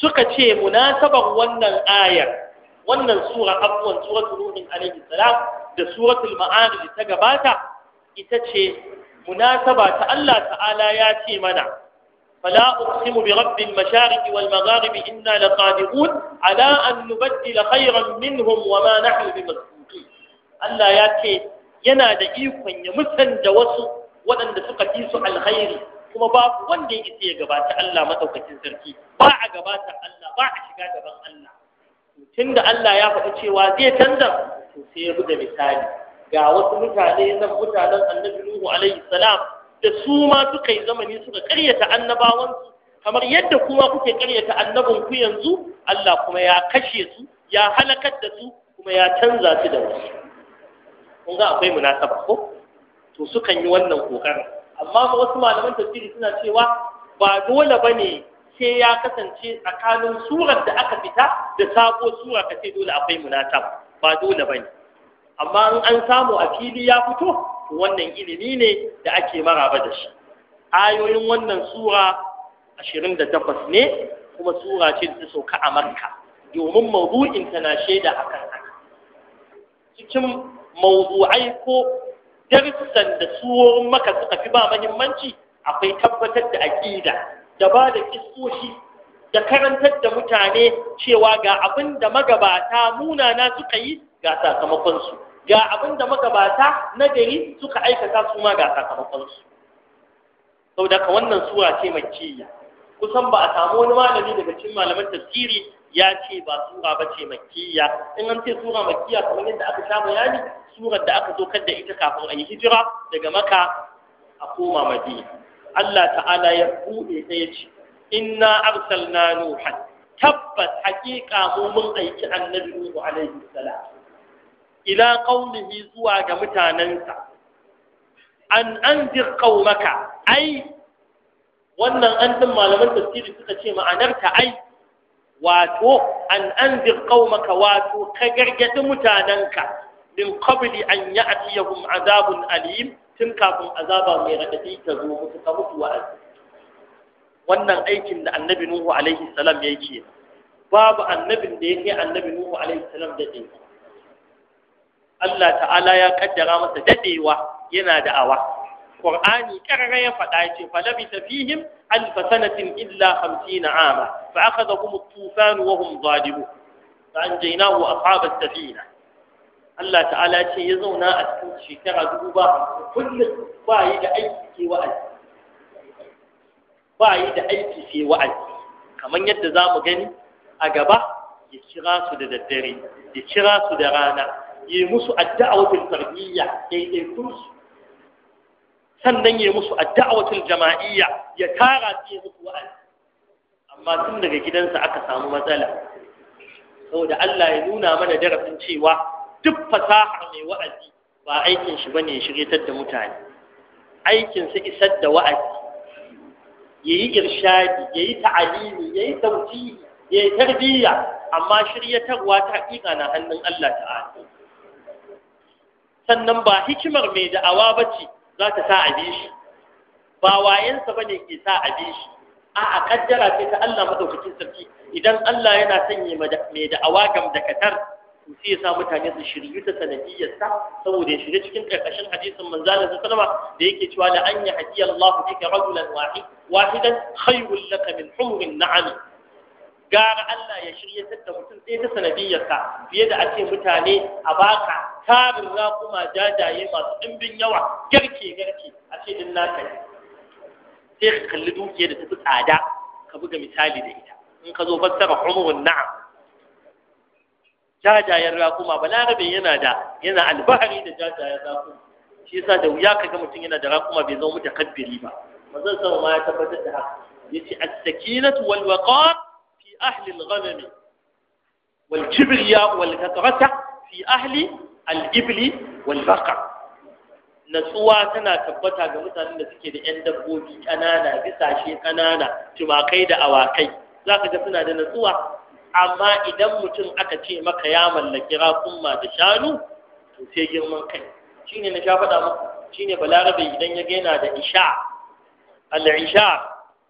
suka ce munasabar wannan ayar wannan sura abuwan suratul ruhin alaihi salam da suratul ma'arij ta gabata ita ce munasaba ta Allah ta'ala ya ce mana فلا أقسم برب المشارق والمغارب إنا لقادرون على أن minhum خيرا منهم وما نحن بمسبوقين Allah ya ce yana da ikon ya musanta wasu waɗanda suka fi su alkhairi kuma babu wanda ya isa ya gabata Allah madaukakin sarki ba a gabata Allah ba a shiga gaban Allah tun da Allah ya faɗi cewa zai canza to sai ya buɗe misali ga wasu mutane nan mutanen annabi Nuhu alaihi salam da su ma suka yi zamani suka karyata annabawansu kamar yadda kuma kuke karyata annabin ku yanzu Allah kuma ya kashe su ya halakar da su kuma ya canza su da wasu kun ga akwai munasaba ko to sukan yi wannan kokarin amma wasu malaman tafsiri suna cewa ba dole ba ne sai ya kasance tsakanin surar da aka fita da sabo sura ka sai dole akwai munatab ba dole ba ne amma in an samu a fili ya fito wannan ilimi ne da ake maraba da shi ayoyin wannan sura ashirin da takwas ne kuma sura ce da ta sauka a makka domin mawdu'in tana shaida kan haka cikin mawdu'ai ko darussan da suworin maka suka fi ba mahimmanci akwai tabbatar da aƙida da ba da kistoshi da karantar da mutane cewa ga abin da magabata munana suka yi ga sakamakonsu ga abin da magabata na gari suka aikata su ma ga sakamakonsu sau daga wannan sura ce makiyya kusan ba a samu wani malami daga cikin malaman tasiri ya ce ba sura ba ce makkiya in an ce sura makkiya kamar yadda aka sha bayani surar da aka zo da ita kafin a yi hijira daga maka a koma madina Allah ta'ala ya buɗe ta ya ce inna na, nuhan tabbas haƙiƙa mu mun aiki annabi nuhu alaihi salam ila qaumihi zuwa ga mutanensa an anzir qaumaka ai wannan an din malaman tafsiri suka ce ma'anarta ai wato an anzir qaumaka wato ka gargadi mutananka din qabli an ya'tiyahum azabun alim tun kafin azaba mai radadi ta zo mutu ka mutu wa wannan aikin da annabi nuhu alaihi salam yake babu annabin da yake annabi nuhu alaihi salam da Allah ta'ala ya kaddara masa dadewa yana da'awa qur'ani karara ya faɗa ce falabi tafihim alf sanatin illa 50 ama fa da kuma tufanu wa hum zalimun fa anjaynahu ashab as-safina Allah ta'ala ce ya zauna a cikin shekara dubu ba kullum ba yi da aiki ke wa'azi ba yi da aiki sai wa'azi kamar yadda za mu gani a gaba ya kira su da daddare ya kira su da rana ya musu addu'a wajen tarbiyya ɗaiɗaikun su sannan ya musu adda'awatul jama'iyya ya tara su ya musu wa'azi amma tun daga gidansa aka samu matsala saboda Allah ya nuna mana darasin cewa duk fasahar mai wa'azi ba aikin shi bane ya shiryatar da mutane aikin sa isar da wa'azi yayi irshadi yayi ta'alimi yayi tawjihi yayi tarbiyya amma shiryatarwa ta hakika na hannun Allah ta'ala sannan ba hikimar mai da'awa bace za ta sa a shi ba wayensa ne ke sa a shi a a kaddara ce ta Allah madaukakin sarki idan Allah yana sanya mai da gam da katar to sai ya sa mutane su shiryu ta sanadiyyarsa saboda ya shiga cikin karkashin hadisin manzalin sallama da yake cewa la an yahdi Allah bika rajulan wahidan khayrun laka min humurin na'am gara Allah ya shirya da mutum sai ta sanadiyyarsa fiye da ake mutane a baka tarin raƙuma jajaye masu ɗimbin yawa garke garke a ce din naka ne sai ka kalli dukiya da tafi tsada ka buga misali da ita in ka zo fassara umrun na'am jajayen raƙuma balarabe yana da yana albahari da jajayen raƙuma shi yasa da wuya kaga mutum yana da raƙuma bai zama mutakabbiri ba zan sama ma ya tabbatar da haka yace as-sakinatu wal waqar أهل الغنم والكبرياء والكثرة في أهل الإبل natsuwa tana tabbata ga mutanen da suke da 'yan dabbobi ƙanana bisashe ƙanana tumakai da awakai za ka ga suna da natsuwa amma idan mutum aka ce maka ya mallaki raƙumma da shanu to sai girman kai shine na sha faɗa muku shine balarabe idan ya ga yana da isha al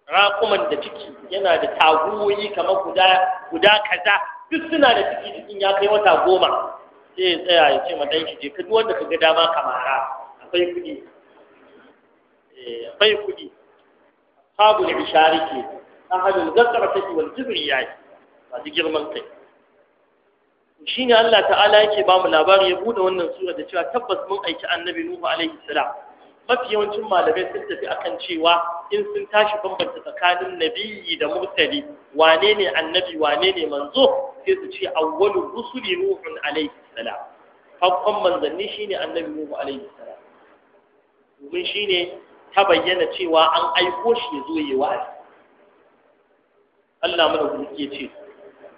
raƙuman da ciki yana da taguwoyi kamar guda guda kaza duk suna da ciki cikin ya kai wata goma sai ya tsaya ya ce ma ɗan shi je ka duk wanda ka ga dama kamara akwai kuɗi eh, akwai kuɗi sabu da bishari ke ta ahadul zakar ya yi ba su girman kai ne Allah ta'ala yake ba mu labari ya bude wannan sura da cewa tabbas mun aiki annabi Nuhu alaihi salam mafi yawancin malamai sun tafi akan cewa in sun tashi bambanta tsakanin nabiyyi da mursali wane ne annabi wane ne manzo sai su ce awwalur rusuli nuhun alaihi salam farkon manzanni shine annabi nuhu alaihi salam domin shine ta bayyana cewa an aiko shi ya zo yi wa Allah mana kuma ke ce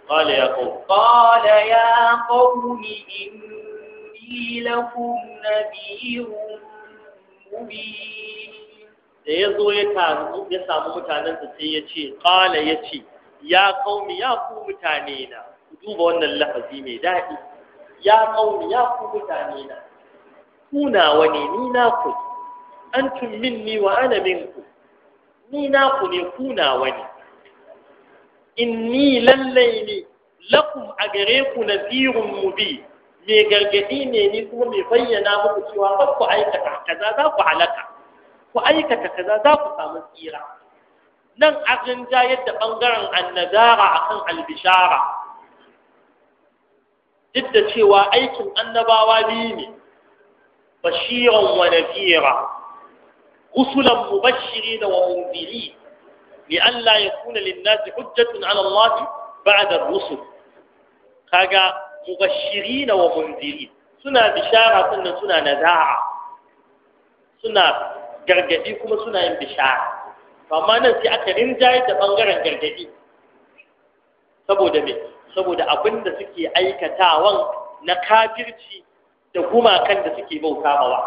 قال يا قوم قال يا قوم إني لكم نذير da ya zo ya taru ya samu mutanen sa sai ya ce ƙala ya ce ya qaumi ya ku mutane na duba wannan lafazi mai daɗi ya qaumi ya ku mutane na kuna wani ni na ku antum minni wa ana minku ni na ku ne kuna wani inni lallai ne lakum a gare ku nazirun mubin mai gargadi ne ni kuma mai bayyana muku cewa ba ku aikata kaza za ku halaka ku aikata kaza za ku samu tsira nan a jayar yadda bangaren annabara akan albishara duk da cewa aikin annabawa biyu ne bashiran wa nadira rusulan da wa munzirin لئلا يكون للناس hujjatun على الله بعد الرسل kaga na wa munziri. suna bishara sannan suna za'a, suna gargadi kuma suna yin bishara amma nan sai aka rinjaye da bangaren gargadi saboda me saboda abin da suke aikatawan na kafirci da gumakan da suke bauta mawa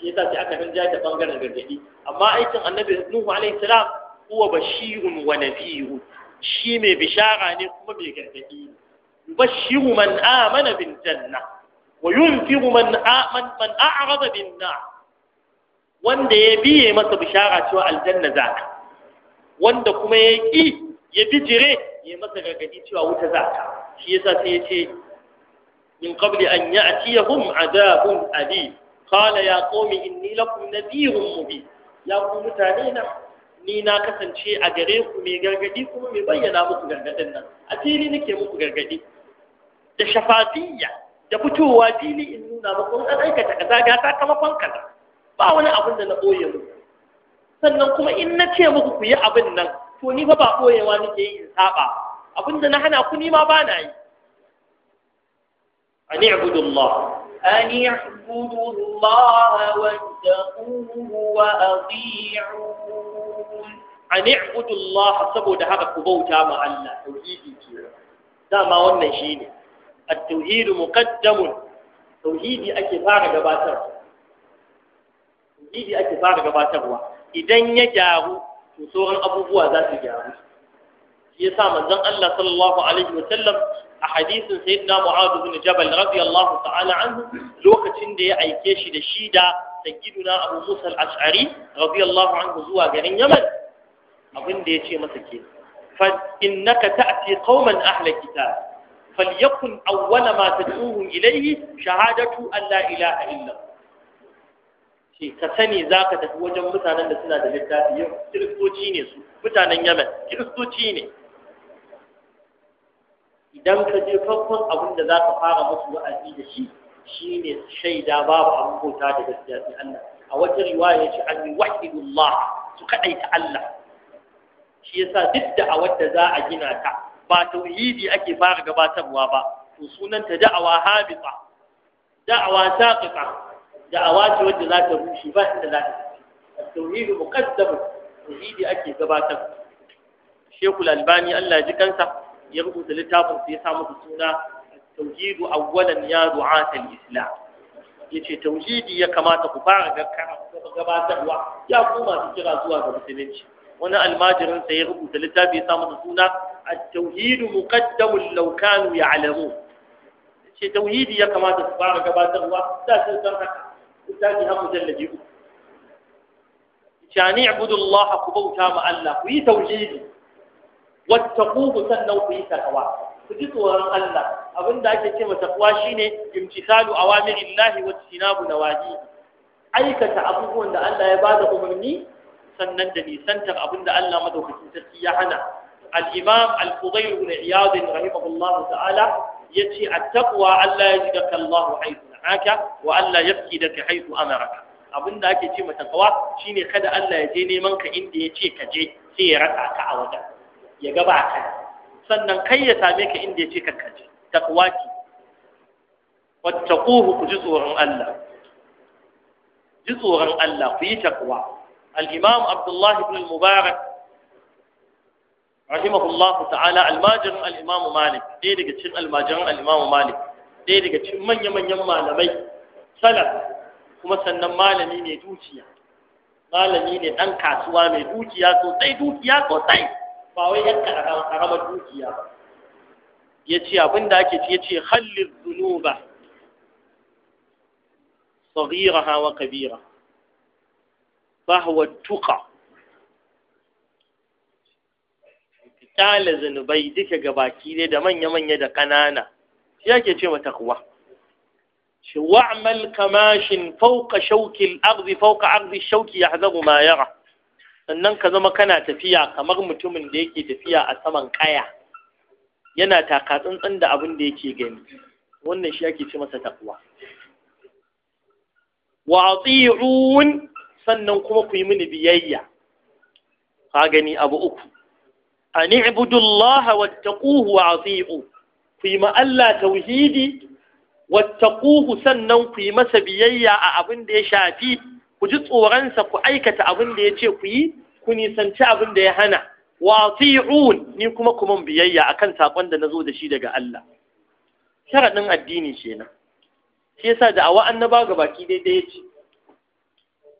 shi yasa sai aka rinjaye da bangaren gargadi amma aikin annabi nuhu alaihi salam huwa bashirun wa nadhiru shi mai bishara ne kuma mai gargadi ne yubashshiru man amana bil janna wa yunfiru man aman man bin wanda ya biye masa bishara cewa aljanna zaka wanda kuma ya ƙi ya jire ya masa gargadi cewa wuta ka, shi yasa sai ya ce min qabli an ya'tiyahum adabun alim qala ya qaumi inni lakum nadhirun mubin ya ku mutane na ni na kasance a gare ku mai gargadi kuma mai bayyana muku gargadin nan a fili nake muku gargadi da shafafiyya da fitowa fili in nuna maka wani aikata kaza ga sakamakon kaza ba wani abin da na ɓoye mu sannan kuma in na ce muku ku yi abin nan to ni fa ba ɓoyewa nake yi in saba abin da na hana ku ni ma ba na yi an i'budu Allah an i'budu Allah wa taquhu wa ati'un an i'budu Allah saboda haka ku bauta ma Allah tauhidi ke dama wannan shine A مقدم توحيدي ake fara gabatar ake fara gabatarwa idan ya gyaru, to abubuwa za su jaru shi yasa manzon Allah sallallahu alaihi wa sallam a hadisin sayyidina Mu'adh bin Jabal radiyallahu ta'ala anhu lokacin da ya aike shi da shida, da sayyiduna Abu Musa al-Ash'ari radiyallahu anhu zuwa garin Yaman abin ya ce masa ke fa innaka ta'ti qauman ahli kitab falyakun awwala ma tad'uhum ilayhi shahadatu an la ilaha illa shi ka sani za ka tafi wajen mutanen da suna da littafi yau kiristoci ne su mutanen Yemen kiristoci ne idan ka je farkon abin da za ka fara musu wa'azi da shi shi ne shaida babu abin bauta da gaskiya sai Allah a wata riwaya ce an wahidullah su kadaita Allah shi yasa duk da a wadda za a gina ta ba tauhidi ake fara gabatarwa ba to sunanta da'awa habita da'awa saqita da'awa ce wacce za ta rushe ba inda za ta التوحيد مقدم توحيد ake gabatar Sheikh Al-Albani Allah ji kansa ya rubuta littafin sai ya samu masa suna Tauhid awwalan ya du'at al-Islam yace tauhidi ya kamata ku fara gabatarwa ya koma su kira zuwa ga musulunci wani almajirin sai ya rubuta littafi ya samu masa suna التوحيد مقدم لو كانوا يعلمون ce tauhidi ya kamata su fara gabatarwa da sun san haka littafi har mujallaji uku shani ibudullah ku bauta ma Allah ku yi tauhidi wattaquhu sannan ku yi takawa ku ji tsoron Allah abinda ake ce masa takwa shine imtisalu awamirillahi wa tinabu nawahi aikata abubuwan da Allah ya bada umarni sannan da nisantar abinda Allah madaukakin sarki ya hana al-imam al-fudayl ibn iyad rahimahullahu ta'ala yace at-taqwa Allah ya jiga kallahu haythu nahaka wa Allah yafkidaka haythu amaraka abinda ake ce mata taqwa shine kada Allah ya je neman ka inda ya ce ka sai ya raka ka wajen ya ga sannan kai ya same ka inda ya ce ku ji tsoron Allah ji tsoron Allah ku yi mubarak rahimahullahu ta'ala almajirin al-Imam Malik ɗaya daga cikin almajirin al-Imam ɗaya daga cikin manya-manyan malamai salaf kuma sannan malami ne dukiya malami ne ɗan kasuwa mai dukiya sosai dukiya sosai ba wai dukiya ya ce abin da ake ci, ya ce hallin zunuba صغيرها وكبيرة فهو التقى kyale zunubai duka gabaki ne da manya-manya da ƙanana shi yake ce wa takwa shi wa'amal kamashin fauka shauki arzi fauka arzi shauki ya hazaru ma yara sannan ka zama kana tafiya kamar mutumin da yake tafiya a saman kaya yana taka tsantsan da abin da yake gani wannan shi yake ce masa takwa wa ati'un sannan kuma ku yi mini biyayya ka gani abu uku Ani i'budu wata wattaquhu wa ku yi ma Allah tauhidi wattaquhu sannan ku yi masa biyayya a abin da ya shafi ku ji tsoronsa ku aikata abin da ya ce ku yi ku nisanci abin da ya hana wa ati'un ni kuma kuma biyayya akan saƙon da na zo da shi daga Allah sharaɗin addini kenan shi yasa da awa annaba ga baki daidai ce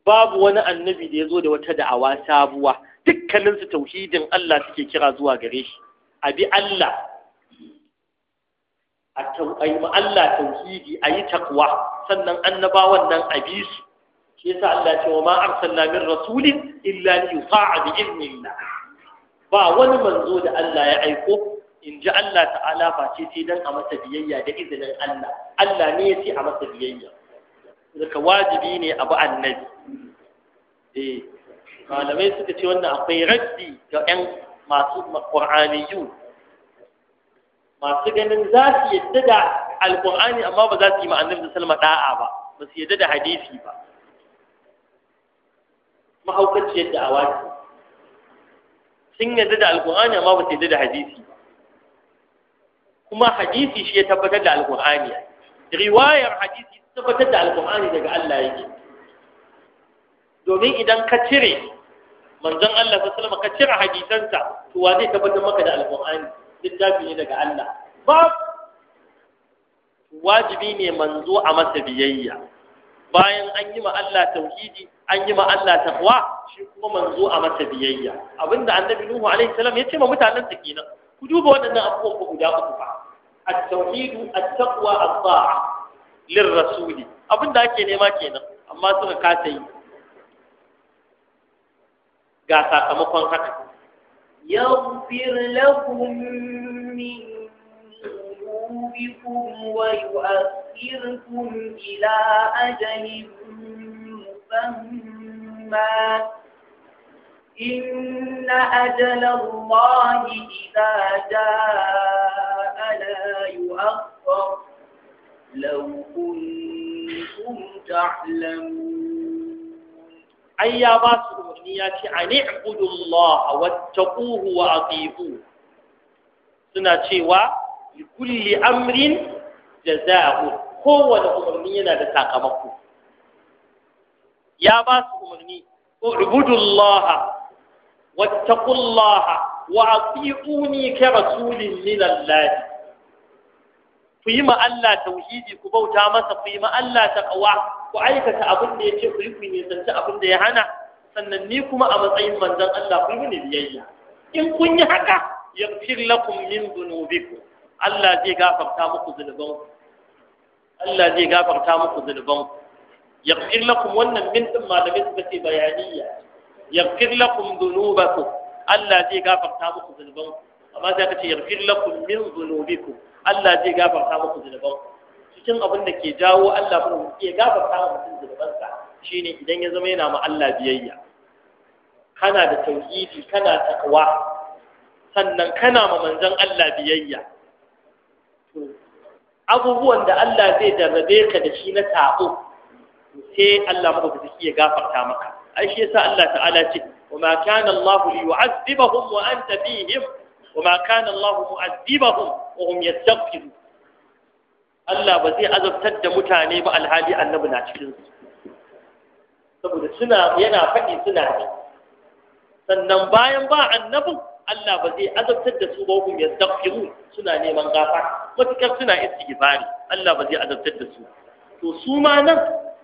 babu wani annabi da ya zo da wata da'awa sabuwa dukkaninsu tauhidin Allah suke kira zuwa gare shi a bi Allah a yi Allah tauhidi a yi takwa sannan annabawan nan a bi su shi yasa Allah ce wa ma arsalna min rasulin illa li yuta'a bi idnillah ba wani manzo da Allah ya aiko in ji Allah ta'ala ba ce sai dan a masa biyayya da izinin Allah Allah ne ya ce a masa biyayya daga wajibi ne abu annabi eh malamai suka ce wannan akwai raddi ga 'yan masu ƙwar'aniyu masu ganin za su yadda da alƙwar'ani amma ba za su yi ma'anar da salma ɗa'a ba ba su yadda da hadisi ba mahaukaciyar a ce sun yadda da alƙwar'ani amma ba su yadda da hadisi ba kuma hadisi shi ya tabbatar da alƙur'ani riwayar hadisi tabbatar da alƙwar'ani daga Allah yake domin idan ka cire manzon Allah ta salama ka cire hadisansa to wa zai tabbatar maka da alqur'ani littafi ne daga Allah ba wajibi ne manzo a masa biyayya bayan an yi ma Allah tauhidi an yi ma Allah taqwa shi kuma manzo a masa biyayya abinda annabi Nuhu alaihi salam ya ce ma mutanen sa kenan ku duba waɗannan abubuwan guda uku fa at-tauhidu at-taqwa at-ta'a lirrasuli abinda ake nema kenan amma suka kasa yi ga sakamakon haka yaghfir lakum min dhunubikum wa yu'akhirkum ila ajalin musamma إن أجل الله إذا جاء لا يؤخر لو كنتم تعلمون ai ya ba su umarni ya ce a ni'budu Allah suna cewa li kulli amrin jazaa'u kowane umarni yana da sakamako ya ba su umarni ubudu Allah wattaqu Allah wa atiquni ka rasulin ku yi ma Allah tauhidi ku bauta masa ku yi ma Allah taqwa ku aikata abin da ya ce ku yi ku nisanci abin da ya hana sannan ni kuma a matsayin manzon Allah ku yi ni biyayya in kun yi haka yaghfir lakum min dhunubikum Allah zai gafarta muku zunubanku Allah zai gafarta muku zunubanku yaghfir lakum wannan min din malamai suka ce bayaniya yaghfir lakum dhunubakum Allah zai gafarta muku zunubanku amma sai ka ce yaghfir lakum min dhunubikum Allah zai gafarta muku zunubanku cikin abin da ke jawo Allah mu ya gafarta wa mutum zunubansa shine idan ya zama yana ma Allah biyayya kana da tauhidi kana takwa sannan kana ma manzon Allah biyayya to abubuwan da Allah zai jarrabe ka da shi na tabo sai Allah mu da ya gafarta maka ai shi yasa Allah ta'ala ce wa ma kana Allah liyu'azzibahum wa anta fihim wa ma kana Allah Allah ba zai azabtar da mutane ba alhali annabi na cikin su saboda suna yana faɗi suna ne sannan bayan ba annabin Allah ba zai azabtar da su ba hum yastaghfiru suna neman gafa matukar suna istighfari Allah ba zai azabtar da su to su ma nan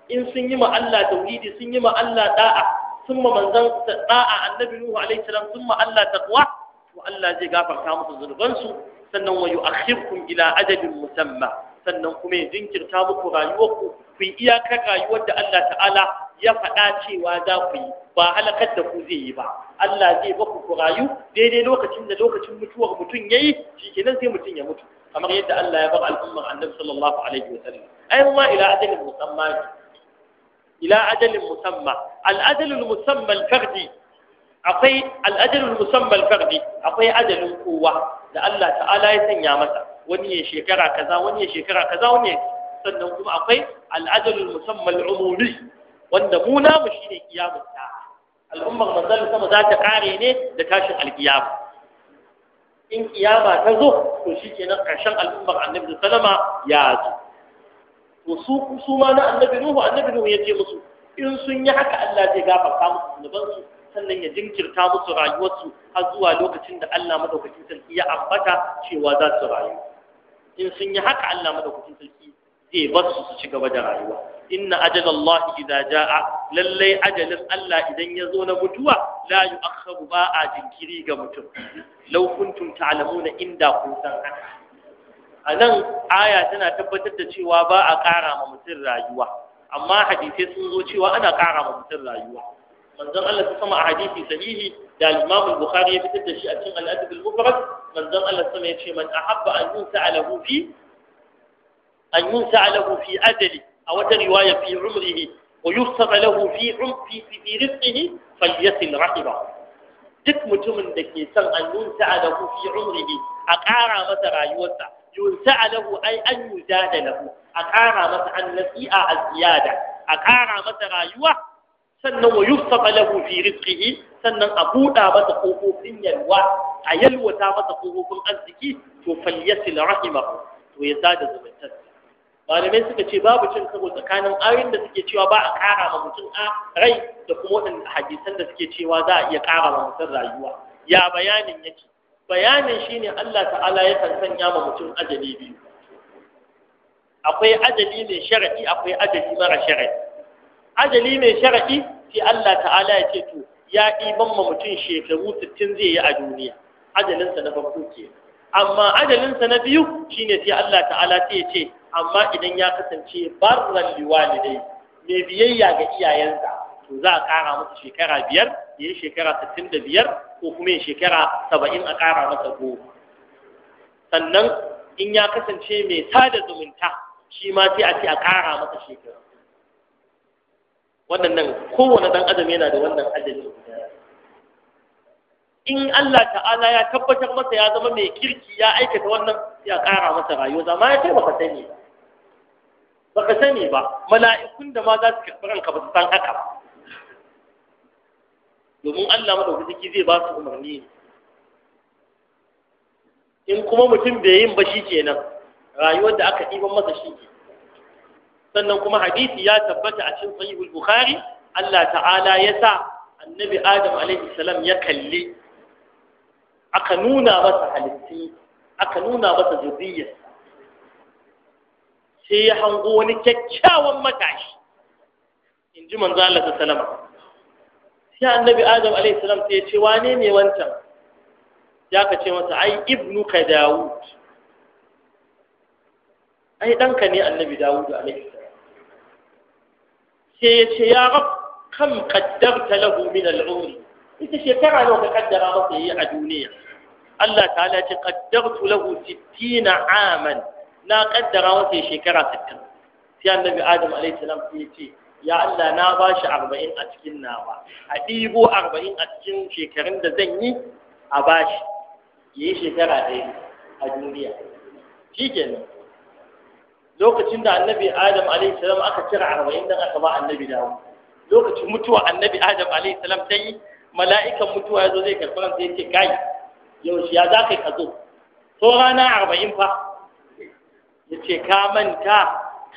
in sun yi ma Allah tauhidi sun yi ma Allah da'a sun ma manzon da'a annabi Nuhu alaihi salam sun ma Allah taqwa to Allah zai gafarta musu zunubansu sannan wa yu'akhirkum ila ajalin musamma sannan kuma ya jinkirta muku rayuwar ku yi iyakar rayuwar da Allah ta'ala ya faɗa cewa za ku yi ba halakar da ku zai yi ba Allah zai baku ku rayu daidai lokacin da lokacin mutuwar mutum yayi shikenan sai mutum ya mutu kamar yadda Allah ya bar al'ummar Annabi sallallahu alaihi wa sallam ai ma ila ajalin musamma ila ajalin musamma al musamma al-fardi akwai al'ajalin musamman fardi akwai ajalin kowa da Allah ta'ala ya sanya masa wani shekara kaza wani shekara kaza wani sannan kuma akwai al'ajalul musamman al'umuri wanda mu namu shine kiyamun ta al'ummar manzon sama za ta kare ne da tashin alkiyama in kiyama ta zo to shikenan karshen al'ummar annabi sallama ya zo to su su ma na annabi nuhu annabi nuhu ya ce musu in sun yi haka Allah zai gafarta musu zunubansu sannan ya jinkirta musu rayuwarsu har zuwa lokacin da Allah madaukakin sarki ya ambata cewa za su rayu in sun yi haka Allah madaukakin sarki zai bar su su ci gaba da rayuwa inna ajalallahi idza jaa lallai ajalin Allah idan ya zo na mutuwa la yu'akhkharu ba a jinkiri ga mutum law kuntum ta'lamuna inda kun san haka anan aya tana tabbatar da cewa ba a kara ma mutum rayuwa amma hadisai sun zo cewa ana kara ma mutum rayuwa منزل الله سمع حديث سبيه يا الإمام البخاري يفتد الشيء أتم الأدب المفرد منزل الله سمع يفتد من أحب أن ينسى له في أن ينسى له في أدل أو رواية في عمره ويفسر له في عم في في, في رزقه فليصل رحمه duk mutumin da ke son an yi sa'a da hufi umrihi a ƙara masa rayuwarsa yun sa'a da hu ai an yi da lahu a ƙara masa an nasi'a a ziyada a ƙara masa sannan wa yuftaqa lahu fi rizqihi sannan a buɗa masa kofofin yalwa a yalwata masa kofofin arziki to falyasil rahimahu to ya sada zumuntar malamai suka ce babu cin karo tsakanin ayoyin da suke cewa ba a ƙara ma mutum a rai da kuma waɗanda hadisan da suke cewa za a iya ƙara ma mutum rayuwa ya bayanin yake bayanin shine Allah ta'ala yakan sanya ma mutum ajali biyu akwai ajali mai shar'i akwai ajali mara shar'i ajali mai shara'i sai Allah ta'ala ya ce to ya ɗiban ma mutum shekaru sittin zai yi a duniya ajalinsa na farko ke amma ajalinsa na biyu shine sai Allah ta'ala sai ya ce amma idan ya kasance barran liwalidai mai biyayya ga iyayensa to za a ƙara masa shekara biyar ya yi shekara sittin da biyar ko kuma ya shekara saba'in a ƙara masa goma sannan in ya kasance mai sada zumunta shi ma sai a ce a ƙara masa shekara waɗannan kowane ɗan adam yana da wannan ajali in Allah ta'ala ya tabbatar masa ya zama mai kirki ya aikata wannan ya ƙara masa rayuwa zama ya kai baka sani ba baka sani ba mala'ikun da ma za su karɓi ranka ba su san haka ba domin Allah madaukaki zai ba su umarni in kuma mutum bai yin ba shi kenan rayuwar da aka ɗiban masa shi kenan sannan kuma hadisi ya tabbata a cikin sahihul bukhari Allah ta'ala ya sa annabi adam alaihi salam ya kalli aka nuna masa halitti aka nuna masa zuriyar sai ya hango wani kyakkyawan matashi in ji manzo Allah ta salama sai annabi adam alaihi salam sai ya ce wane ne wancan ya ka ce masa ai ibnu ka dawud ai ɗanka ne annabi dawud alaihi salam sai ya ce ya rab kam qaddarta lahu min al'umri ita shekara nawa ka kaddara masa yi a duniya Allah ta'ala ce qaddartu lahu 60 aman na kaddara masa shekara 60 sai annabi Adam alaihi salam sai ya ce ya Allah na ba shi arba'in a cikin nawa a ɗibo 40 a cikin shekarun da zan yi a ba shi ya yi shekara ɗaya a duniya shikenan lokacin da annabi adam alaihi salam aka cire arba'in dan aka ba annabi dawo lokacin mutuwa annabi adam alaihi salam ta yi mala'ikan mutuwa yazo zai karɓi ransa ya ce kai yaushe ya za ka yi ka zo so rana arba'in fa ya ce ka manta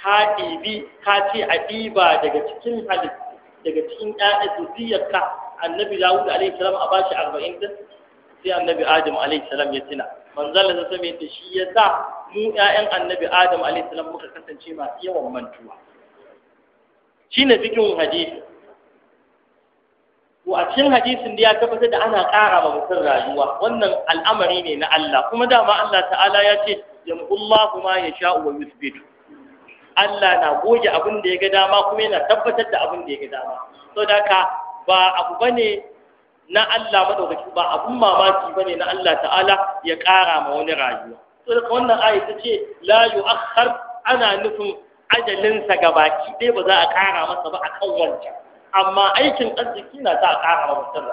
ka ɗibi ka ce a ɗiba daga cikin halittu daga cikin ƴaƴa zuriyarka annabi dawud alaihi salam a bashi arba'in din sai annabi adam alaihi salam ya tuna manzon da sami da shi ya sa mu ƴaƴan annabi adam alayhi salam muka kasance masu yawan mantuwa shine bikin hadisi to a cikin hadisin da ya tabbatar da ana ƙara ma mutum rayuwa wannan al'amari ne na Allah kuma dama Allah ta'ala ya ce yamullahu ma sha'u wa yuthbit Allah na goge abin da ya ga dama kuma yana tabbatar da abin da ya ga dama saboda ka ba abu bane na Allah madaukaki ba abun mamaki bane na Allah ta'ala ya ƙara ma wani rayuwa to daga wannan aya ta ce la yu'akhkhar ana nufin ajalinsa ga baki ɗaya ba za a kara masa ba a kan wancan amma aikin arziki na za a kara wa mutum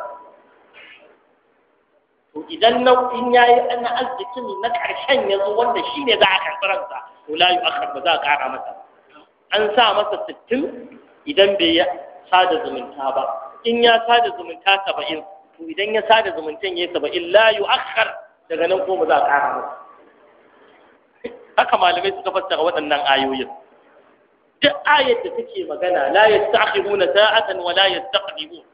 to idan nau'in ya yi ana arzikin na ƙarshen ya zo wanda shine za a karɓi ransa to la yu'akhkhar ba za a kara masa an sa masa sittin idan bai sada zumunta ba in ya sada zumunta saba'in to idan ya sada zumuntan ya yi saba'in la yu'akhkhar daga nan ko ba za a kara masa haka malamai suka fassara waɗannan ayoyin duk ayar da take magana la yasta'khiruna sa'atan wa la yastaqdimun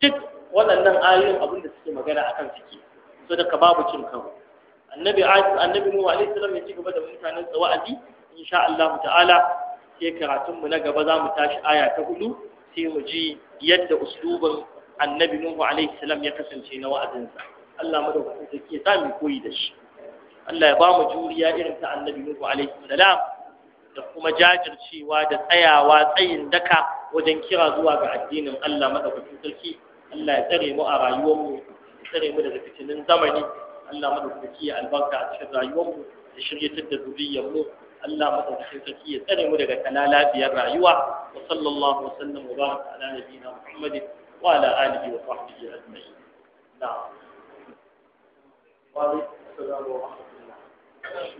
duk waɗannan ayoyin abin da suke magana akan suke so da babu cin karo annabi annabi mu alaihi salam ya ci gaba da mutanen sa wa'azi insha Allah ta'ala sai karatun mu na gaba za mu tashi aya ta hudu sai mu ji yadda uslubin annabi nuhu alaihi salam ya kasance na wa'azinsa Allah madaukakin sarki ya sa mu koyi da shi Allah ya ba mu juriya irin ta annabi Nuhu alaihi salam da kuma jajircewa da tsayawa tsayin daka wajen kira zuwa ga addinin Allah madaukakin sarki Allah ya tsare mu a rayuwar mu ya tsare mu daga fitinin zamani Allah madaukaki ya albarka a cikin rayuwar mu ya ta da zuriyar mu Allah madaukakin sarki ya tsare mu daga kana lafiyar rayuwa wa sallallahu wasallam wa baraka ala nabiyina Muhammad wa ala alihi wa sahbihi ajma'in na'am السلام ورحمة الله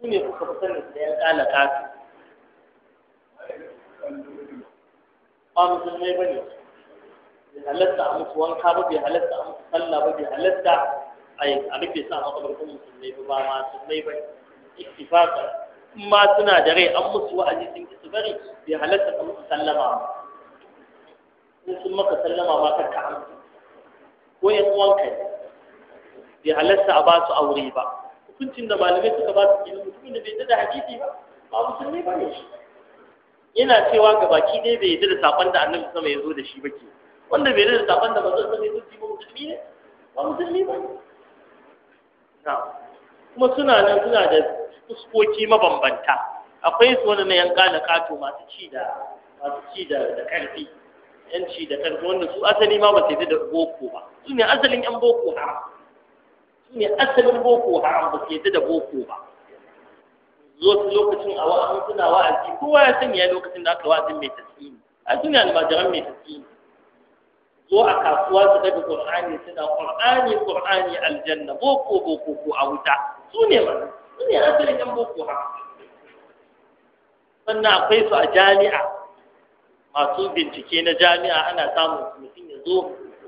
su ne kuka fi sanin da ya kala kafi ba musulmai ba ne bai halatta a musu wanka ba bai halatta a musu sallah ba bai halatta a yi abin bai sa makabarkan musulmai ba ba musulmai ba ittifaka in ma suna da rai an musu wa'azi sun ki su bari bai halatta a musu sallama ba in sun maka sallama ma kanka amsa ko yan uwanka ne bai halarta a ba su aure ba hukuncin da malamai suka ba su ilimi mutumin da bai yarda da hadisi ba ba musulmi ba ne shi yana cewa ga baki ɗaya bai yarda da saƙon da annabi sama ya zo da shi ba ke wanda bai yarda da saƙon da manzo sama ya zo da shi ba musulmi ne ba musulmi ba ne kuma suna nan suna da fuskoki mabambanta akwai su wani na yanka da kato masu ci da masu ci da karfi yanci da karfi wanda su asali ma ba su da boko ba su ne asalin yan boko haram su ne asalin boko haram ba su da boko ba zo su lokacin a an suna wa'azi kowa ya sanya lokacin da aka wa'azin mai tasiri a su ne almajiran mai tasiri zo a kasuwa su daga qur'ani suna qur'ani qur'ani aljanna boko boko ko a wuta su ne ba su ne asalin yan boko haram sannan akwai su a jami'a masu bincike na jami'a ana samun mutum ya zo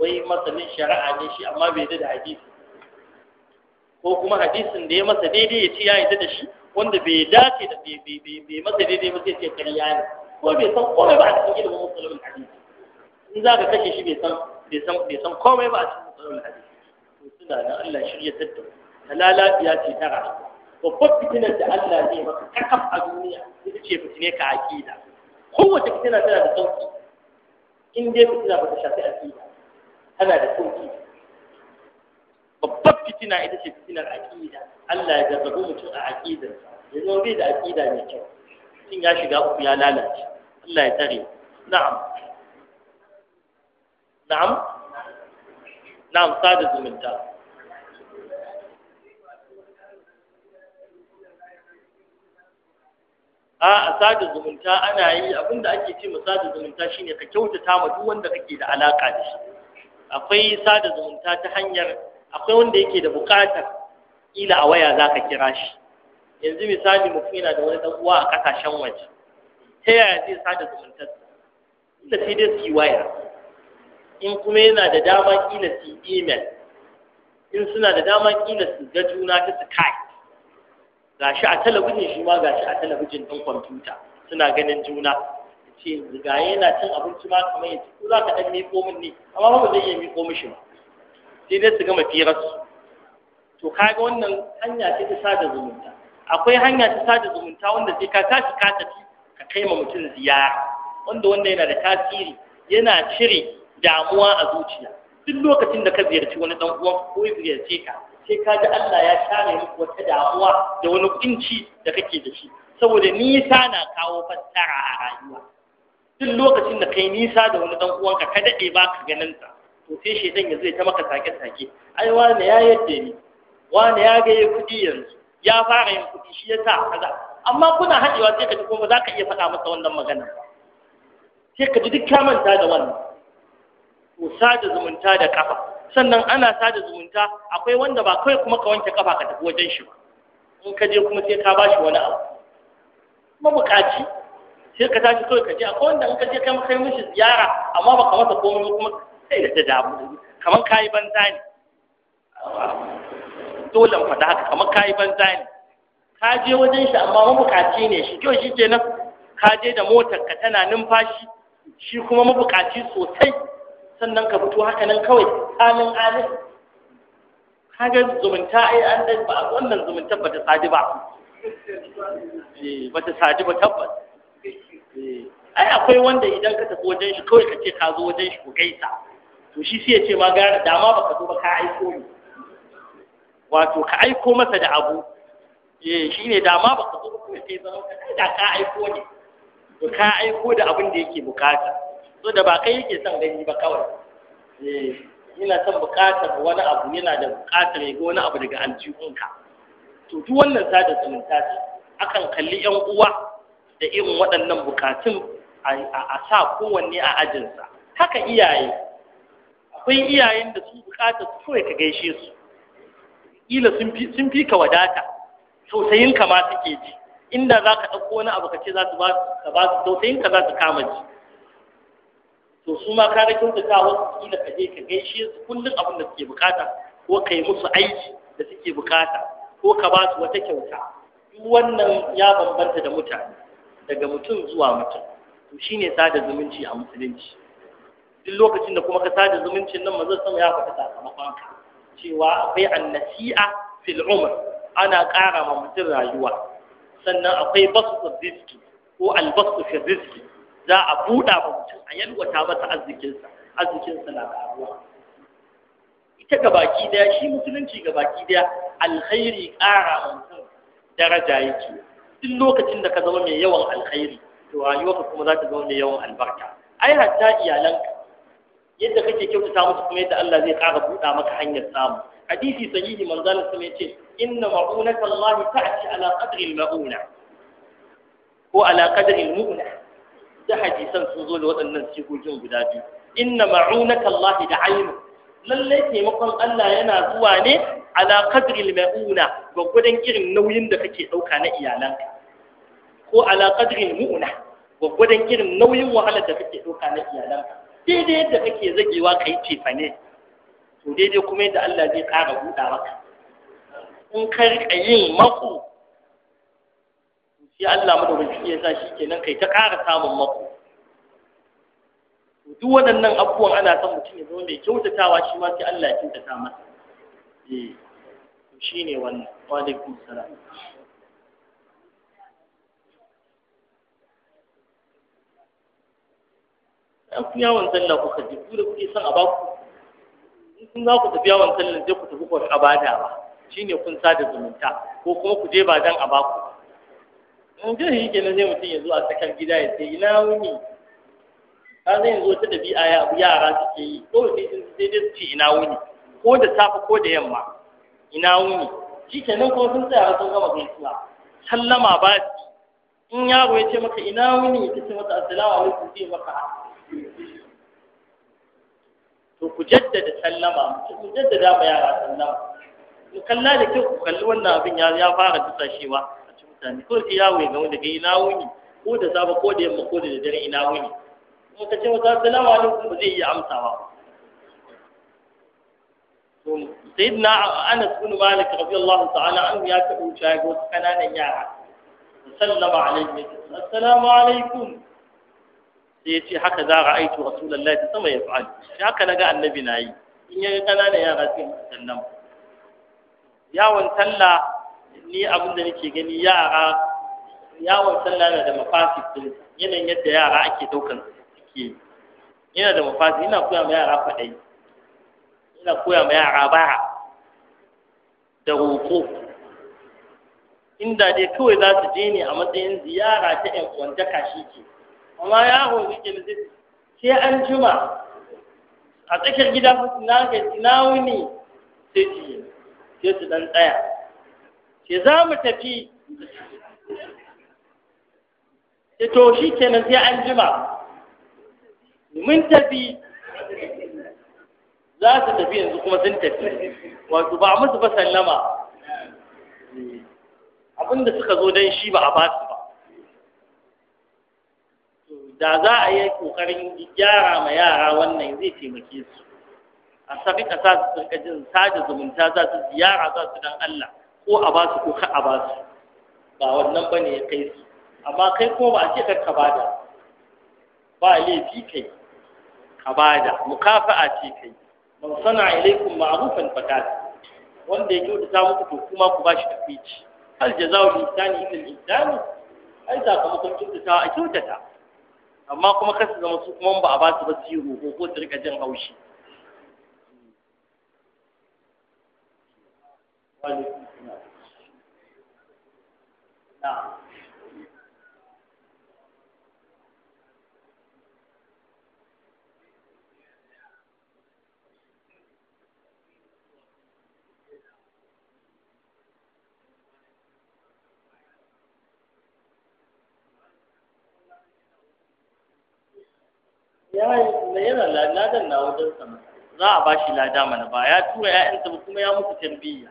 wai masanin shari'a ne shi amma bai da hadisi ko kuma hadisin da ya masa daidai ya ce ya yarda da shi wanda bai dace da bai masa daidai ba sai ce ƙarya ne ko bai san komai ba a cikin ilimin musulmin hadisi in za ka kashe shi bai san bai san bai san komai ba a cikin musulmin hadisi to suna da Allah shirya tadda halalabiya ce ta rayuwa babbar fitinar da Allah ne maka kakaf a duniya ita ce fitine ka aƙida kowace fitina tana da sauki in dai fitina ba ta shafi aƙida tana da sauki babbar fitina ita ce fitinar aƙida Allah ya gargaɗo mutum a aƙidarsa ya zama bai da aƙida mai kyau mutum ya shiga uku ya lalace Allah ya tsare na'am na'am na'am sada zumunta a sada zumunta ana yi abinda ake ce ma sada zumunta shine ka kyautata ma duk wanda kake da alaka da shi akwai sada zumunta ta hanyar akwai wanda yake da buƙatar ila a waya zaka kira shi yanzu misali mutum yana da wani dan uwa a kasashen waje ta yaya zai sada zumunta inda sai dai su waya in kuma yana da dama kila su yi email in suna da dama kila su ga juna ta Skype gashi a talabijin shi ma gashi a talabijin ɗin kwamfuta suna ganin juna ce ga yana cin abinci ma kamar yanzu ko za ka ɗan miƙo min ne amma ba zai iya miƙo mishi ba sai dai su gama su to kaga wannan hanya ce ta sada zumunta akwai hanya ta sada zumunta wanda sai ka tashi ka tafi ka kai ma mutum ziyara wanda wanda yana da tasiri yana cire damuwa a zuciya duk lokacin da ka ziyarci wani ɗan uwan ko ya ziyarce ka sai ka ji Allah ya share muku wata damuwa da wani kunci da kake da shi saboda nisa na kawo fassara a rayuwa duk lokacin da kai nisa da wani dan uwanka ka dade ba ka ganin sa to sai shedan ya zai ta maka sake sake ai wani ya yadda ni wani ya ga kuɗi yanzu ya fara yin kuɗi shi yasa kaza amma kuna haɗewa sai ka ji kuma za ka iya faɗa masa wannan magana sai ka ji duk kamanta manta da wannan to sada zumunta da kafa sannan ana sada zumunta akwai wanda ba kai kuma ka wanke kafa ka tafi wajen shi ba in ka je kuma sai ka bashi wani abu mabukaci sai ka tashi kawai ka je akwai wanda in ka je kai yi mishi ziyara amma baka masa komai kuma sai da ta damu kamar yi banza ne dole faɗa haka kamar yi banza ne ka je wajen shi amma mabukaci ne shi kyau shi kenan ka je da motar ka tana numfashi shi kuma mabukaci sosai sannan ka fito haka nan kawai tsamin alin kaga zumunta ai an dai ba wannan zumunta ba ta sadi ba eh, ba ta sadi ba tabbas eh, ai akwai wanda idan ka tafi wajen shi kawai ka ce ka zo wajen shi ku gaisa to shi sai ya ce ma gara dama baka zo ba ka aiko ni wato ka aiko masa da abu eh shine dama baka zo ba sai zama ka da ka aiko ne ka aiko da abin da yake bukata so da ba kai yake son gani ba kawai eh yana son buƙatar wani abu yana da buƙatar ya ga wani abu daga aljihunka to duk wannan sada zumunta ce akan kalli yan uwa da irin waɗannan buƙatun a sa kowanne a ajinsa haka iyaye akwai iyayen da sun buƙata su kawai ka gaishe su Ila sun fi ka wadata tausayinka ma suke ji inda za ka ɗauko wani abu ka ce za su ba su tausayinka za su kama ji to su ma ka ga kyautata wasu kila ka je ka gaishe su kullum abin da suke bukata ko ka yi musu aiki da suke bukata ko ka ba su wata kyauta duk wannan ya bambanta da mutane daga mutum zuwa mutum to shine sada zumunci a musulunci duk lokacin da kuma ka sada zumuncin nan manzon sama ya faɗa sakamakon ka cewa akwai annasi'a fil umr ana ƙara ma mutum rayuwa sannan akwai basu rizki ko albasu fi rizki za a buɗa ba mutum a yalwata masa arzikinsa arzikinsa na karuwa ita ga baki ɗaya, shi musulunci ga baki ɗaya, alkhairi ƙara mutum daraja yake duk lokacin da ka zama mai yawan alkhairi to rayuwarka kuma za ta zama mai yawan albarka ai hatta iyalanka yadda kake kyautata musu kuma yadda Allah zai ƙara buɗa maka hanyar samu hadisi sahihi manzalin sama yace inna ma'unatallahi Allah ta'ti ala qadri al-ma'una ko ala qadri al-mu'na da hadisan sun zo da waɗannan sigogin guda biyu inna ma'unaka Allah da ainu lallai taimakon Allah yana zuwa ne ala qadri mauna gwagwadon irin nauyin da kake ɗauka na iyalanka ko ala qadri mu'na gwagwadon irin nauyin wahalar da kake ɗauka na iyalanka daidai yadda kake zagewa kai cefane to daidai kuma yadda Allah zai ƙara buɗa maka in ka riƙa yin mako shi Allah madaukaki iya sa shi kenan kai ta ƙara samun mako duk waɗannan abubuwan ana son mutum ya zama mai kyautatawa shi ma sai Allah ya kyautata masa eh shi ne wannan wa alaikum salam an fi yawon sallah kuka ji ku da kuke son a baku in kun za ku tafi yawon sallah sai ku tafi ku abada ba shine kun sada zumunta ko kuma ku je ba dan a baku in ji shi kenan sai mutum ya zo a tsakar gida ya ce ina wuni ka zai yanzu wata ɗabi'a yara suke yi ko sai sun sai dai su ce ina wuni ko da safe ko da yamma ina wuni shi kenan kuma sun tsaya sun gama gaisuwa sallama ba in yaro ya ce maka ina wuni ya ce masa assalamu alaikum sai maka to ku jaddada sallama ku jaddada ma yara sallama mu kalla da kyau ku kalli wannan abin ya fara dusashewa Sani, ko ki yawo ga wanda ga ina wuni ko da safa ko da yamma ko da dare ina wuni ko ka ce wata salamu alaikum ba zai iya amsawa to sayyidina Anas bin Malik radiyallahu ta'ala an ya tabu shayi ko kananan yara sallama alaihi assalamu alaikum sai ya ce haka za a aiki rasulullahi ta sama ya fa'al shi haka naga annabi na yi in ya ga kananan yara sai sallama yawon talla ni abin da nake gani yara yawon sallah na da mafasid ɗin yanayin yadda yara ake daukan suke yana da mafasid ina koya ma yara faɗai ina koya ma yara baya da roƙo inda dai kawai za su je ne a matsayin ziyara ta ƴan ka shi ke amma yaro ke da sai an juma a tsakiyar gida na ga na wuni sai su sai su ɗan tsaya ke za mu tafi ce to shi kenan sai an jima mun tafi za su tafi yanzu kuma sun tafi wato ba musu ba sallama abinda suka zo don shi ba a ba su ba da za a yi kokarin gyara ma yara wannan zai taimake su a sabi su sun jin sada zumunta za su ziyara za su dan Allah ko a ba su ko ka a ba su ba wannan ne ya kai su amma kai ko ba a ce ka da, ba laifi kai ka bada mukafa'a ce kai man sana ilaikum ma'rufan fakat wanda ya kyautata muku to kuma ku da tafici hal jazaa'u al ita illa al ne? ai sakamakon kyautata a kyautata amma kuma kar su zama su kuma ba a ba su ba su yi roƙo ko su rika jin haushi Thank you. yana ladan na wajen sama za a bashi lada mana ba ya tura ‘ya’yanta ba kuma ya muku tarbiyya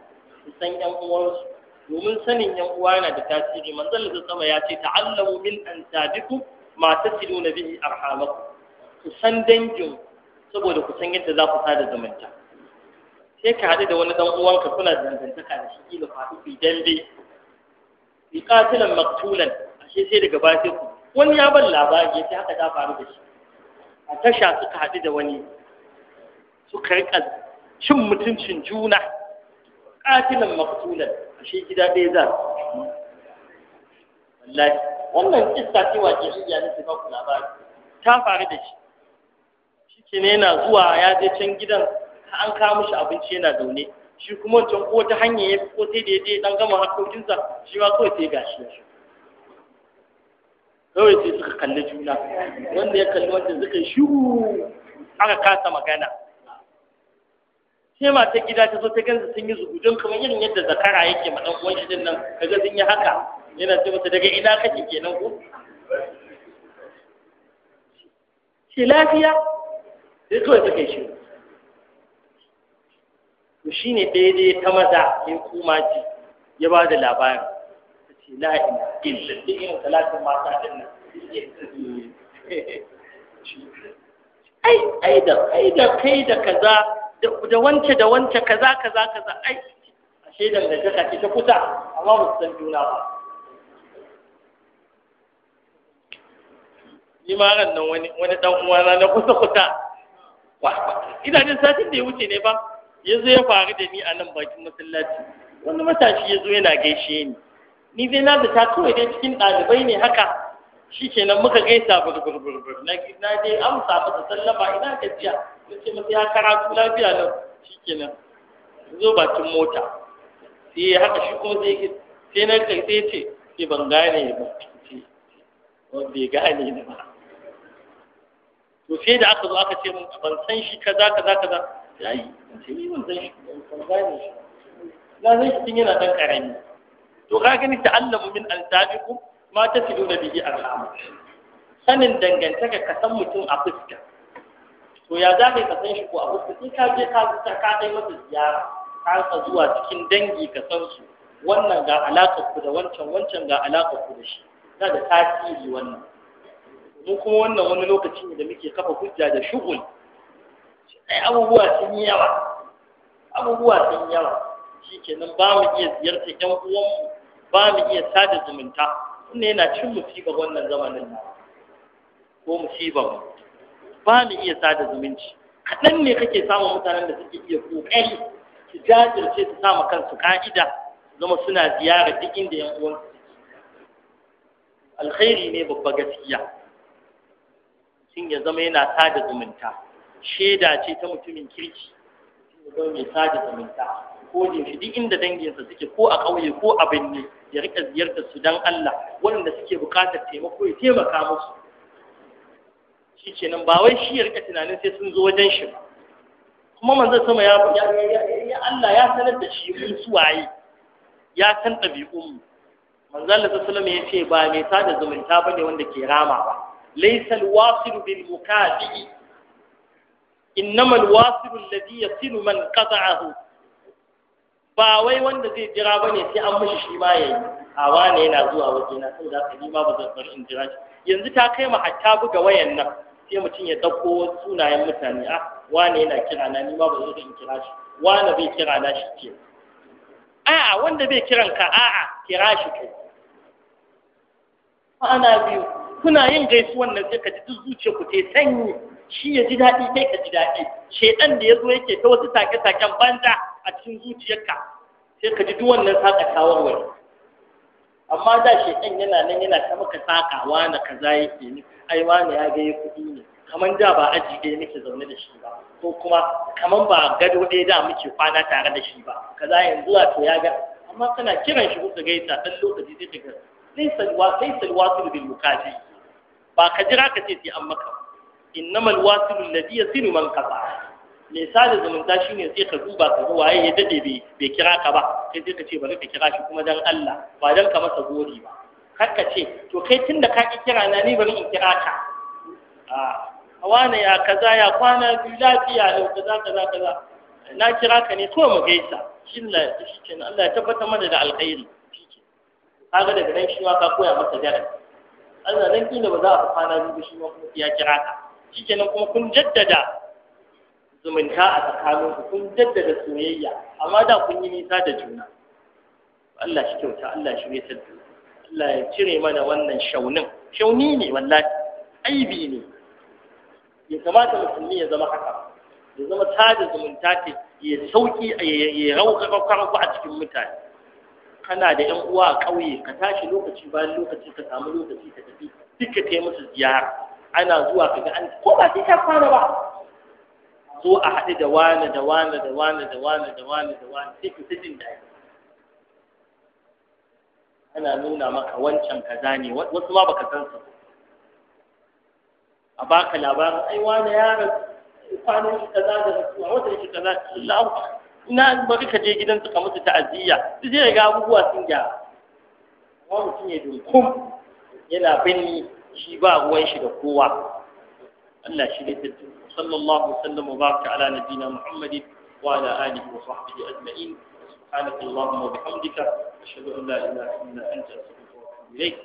san yan uwansu domin sanin yan uwa yana da tasiri manzon da sama ya ce ta'allamu min ansabikum ma tasiluna bihi arhamakum ku san dangin saboda ku san yadda za ku sada zumunta sai ka haɗu da wani dan uwanka kuna dangantaka da shi kila faɗi ku dande. bi qatilan maqtulan ashe sai daga baya ku wani ya ban labari ya ce haka ta faru da shi a tasha suka haɗu da wani suka rika cin mutuncin juna qatilan maqtulan shi gida ɗaya za wallahi wannan kista ce wace shi ya nake ba ku labari ta faru da shi shi ke ne yana zuwa ya je can gidan an kawo mishi abinci yana zaune shi kuma wancan ko ta hanya ya fi ko sai da ya je dan gama harkokinsa shi ma kawai sai gashi ya kawai sai suka kalli juna wanda ya kalli wanda suka shiru aka kasa magana sai ta gida ta zo ta gansa sun yi zugudun kuma irin yadda zakara yake ma ɗan uwan shirin nan kaga sun yi haka yana ce mata daga ina kake kenan ko shi lafiya sai kawai suka yi shiru to ɗaya daidai ta maza ya kuma ji ya ba da labarin ta ce la ina illa da irin talatin mata ɗin nan ai ai da kai da kaza da wance da wance kaza kaza kaza ai ashe dangantaka ce ta kusa amma ba su san juna ba ni ma ran nan wani wani dan uwa na na kusa kusa ina jin satin da ya wuce ne ba Yanzu ya faru da ni a nan bakin masallaci wani matashi ya zo yana gaishe ni ni dai na zata kawai dai cikin ɗalibai ne haka shi kenan muka gaisa burburburbur na dai amsa masa sallama ina gajiya ya ce masa ya karatu lafiya nan shikenan zo bakin mota sai haka shi kuma sai sai na kai sai ce sai ban gane ba ce ya gane ni ba to sai da aka zo aka ce mun ban san shi kaza kaza kaza yayi sai ni ban san shi ban gane shi na san shi tun yana dan karami to ka gani ta'allamu min altabikum ma tasiluna bihi arham sanin dangantaka ka san mutum a fuska to ya za ka san shi ko a fuska sai ka je ka zuta ka kai masa ziyara ka ka zuwa cikin dangi ka san su wannan ga alaƙar ku da wancan wancan ga alaƙar ku da shi na da tasiri wannan mu kuma wannan wani lokaci ne da muke kafa hujja da shugul ai abubuwa sun yi yawa abubuwa sun yi yawa shikenan ba mu iya ziyartar ƴan uwanmu ba mu iya sada zumunta wannan yana cin musibar wannan zamanin ko musibar mu ba ni iya sada zumunci kaɗan ne kake samun mutanen da suke iya ƙoƙari su jajirce su sama kansu ka'ida zama suna ziyara duk inda yan uwan alkhairi ne babba gaskiya sun ya zama yana sada zumunta shaida ce ta mutumin kirki ya zama mai sada zumunta ko da shi duk inda danginsa suke ko a ƙauye ko a binne ya riƙa ziyartar su don Allah waɗanda suke buƙatar taimako ya taimaka musu shi nan ba wai shi ya rika tunanin sai sun zo wajen shi ba kuma manzo sama ya ya Allah ya sanar da shi mun suwaye ya san ɗabi'un mu manzon Allah sallallahu ya ce ba mai sada zumunta bane wanda ke rama ba laysal wasilu bil mukadi innamal wasilu alladhi yasilu man qata'ahu ba wai wanda zai jira bane sai an mishi shi ma yayi awa ne yana zuwa wajena saboda haka ni ma ba zan bar in jira shi yanzu ta kai mu hatta buga wayan nan sai mutum ya ɗauko sunayen mutane a ah, wane yana kira na nima ba zai kira shi wane bai kira na shi ke a'a wanda bai kiran ka a'a kira shi kai ana biyu kuna yin gaisuwan nan sai ka ji duk zuciya ku te sanyi shi ya ji daɗi kai ka ji daɗi shedan da ya zo yake ta wasu take-taken banza a cikin zuciyarka sai ka ji duk wannan saka tawarwar amma da shekan yana nan yana ta maka takawa na kaza yake ni ai ya ga kuɗi ne kaman da ba aji yi nake zaune da shi ba ko kuma kaman ba gado ɗaya da muke kwana tare da shi ba kaza yanzu to ya ga amma kana kiran shi kuka gaita ɗan lokaci sai ka ga laisa su bil ba ka jira ka ce sai an maka innamal wasil alladhi yasilu man qata mai sada zumunta shi ne sai ka duba ka waye ya dade bai kira ka ba sai sai ka ce bari ka kira shi kuma dan Allah ba dan ka masa gori ba kar ka ce to kai tun da ka ki kira na ni bari in kira ka a wane ya kaza ya kwana biyu lafiya lau kaza kaza kaza na kira ka ne to mu gaisa shi ne Allah ya tabbatar mana da alkhairi kaga daga nan shi ma ka koya masa darasi Allah nan kila ba za a kwana bi shi ma kuma ya kira ka kenan kuma kun jaddada zumunta a tsakanin ku kun jaddada soyayya amma da kun yi nisa da juna Allah shi kyauta Allah shi ne tattu Allah ya cire mana wannan shaunin shauni ne wallahi aibi ne ya kamata musulmi ya zama haka ya zama tada zumunta ke ya sauki ya rauƙarƙarƙu a cikin mutane kana da yan uwa a ƙauye ka tashi lokaci bayan lokaci ka samu lokaci ka tafi duka kai musu ziyara ana zuwa ka ga an ko ba sai ta fara ba so a haɗu da wane da wane da wane da wane da wane da wane sai ku jin daɗi ana nuna maka wancan kaza ne wasu ma baka san su a baka labarin ai wane yaron kwanan shi kaza da rasuwa wata shi kaza Allah ina bari ka je gidan suka musu ta'aziyya su je ga abubuwa sun gyara wani mutum ya dunkum yana binni shi ba ruwan shi da kowa Allah shi ne tattun وصلى الله وسلم وبارك على نبينا محمد وعلى آله وصحبه أجمعين سبحانك اللهم وبحمدك أشهد أن لا إله إلا أنت أستغفرك وأتوب إليك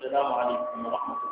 السلام عليكم ورحمة الله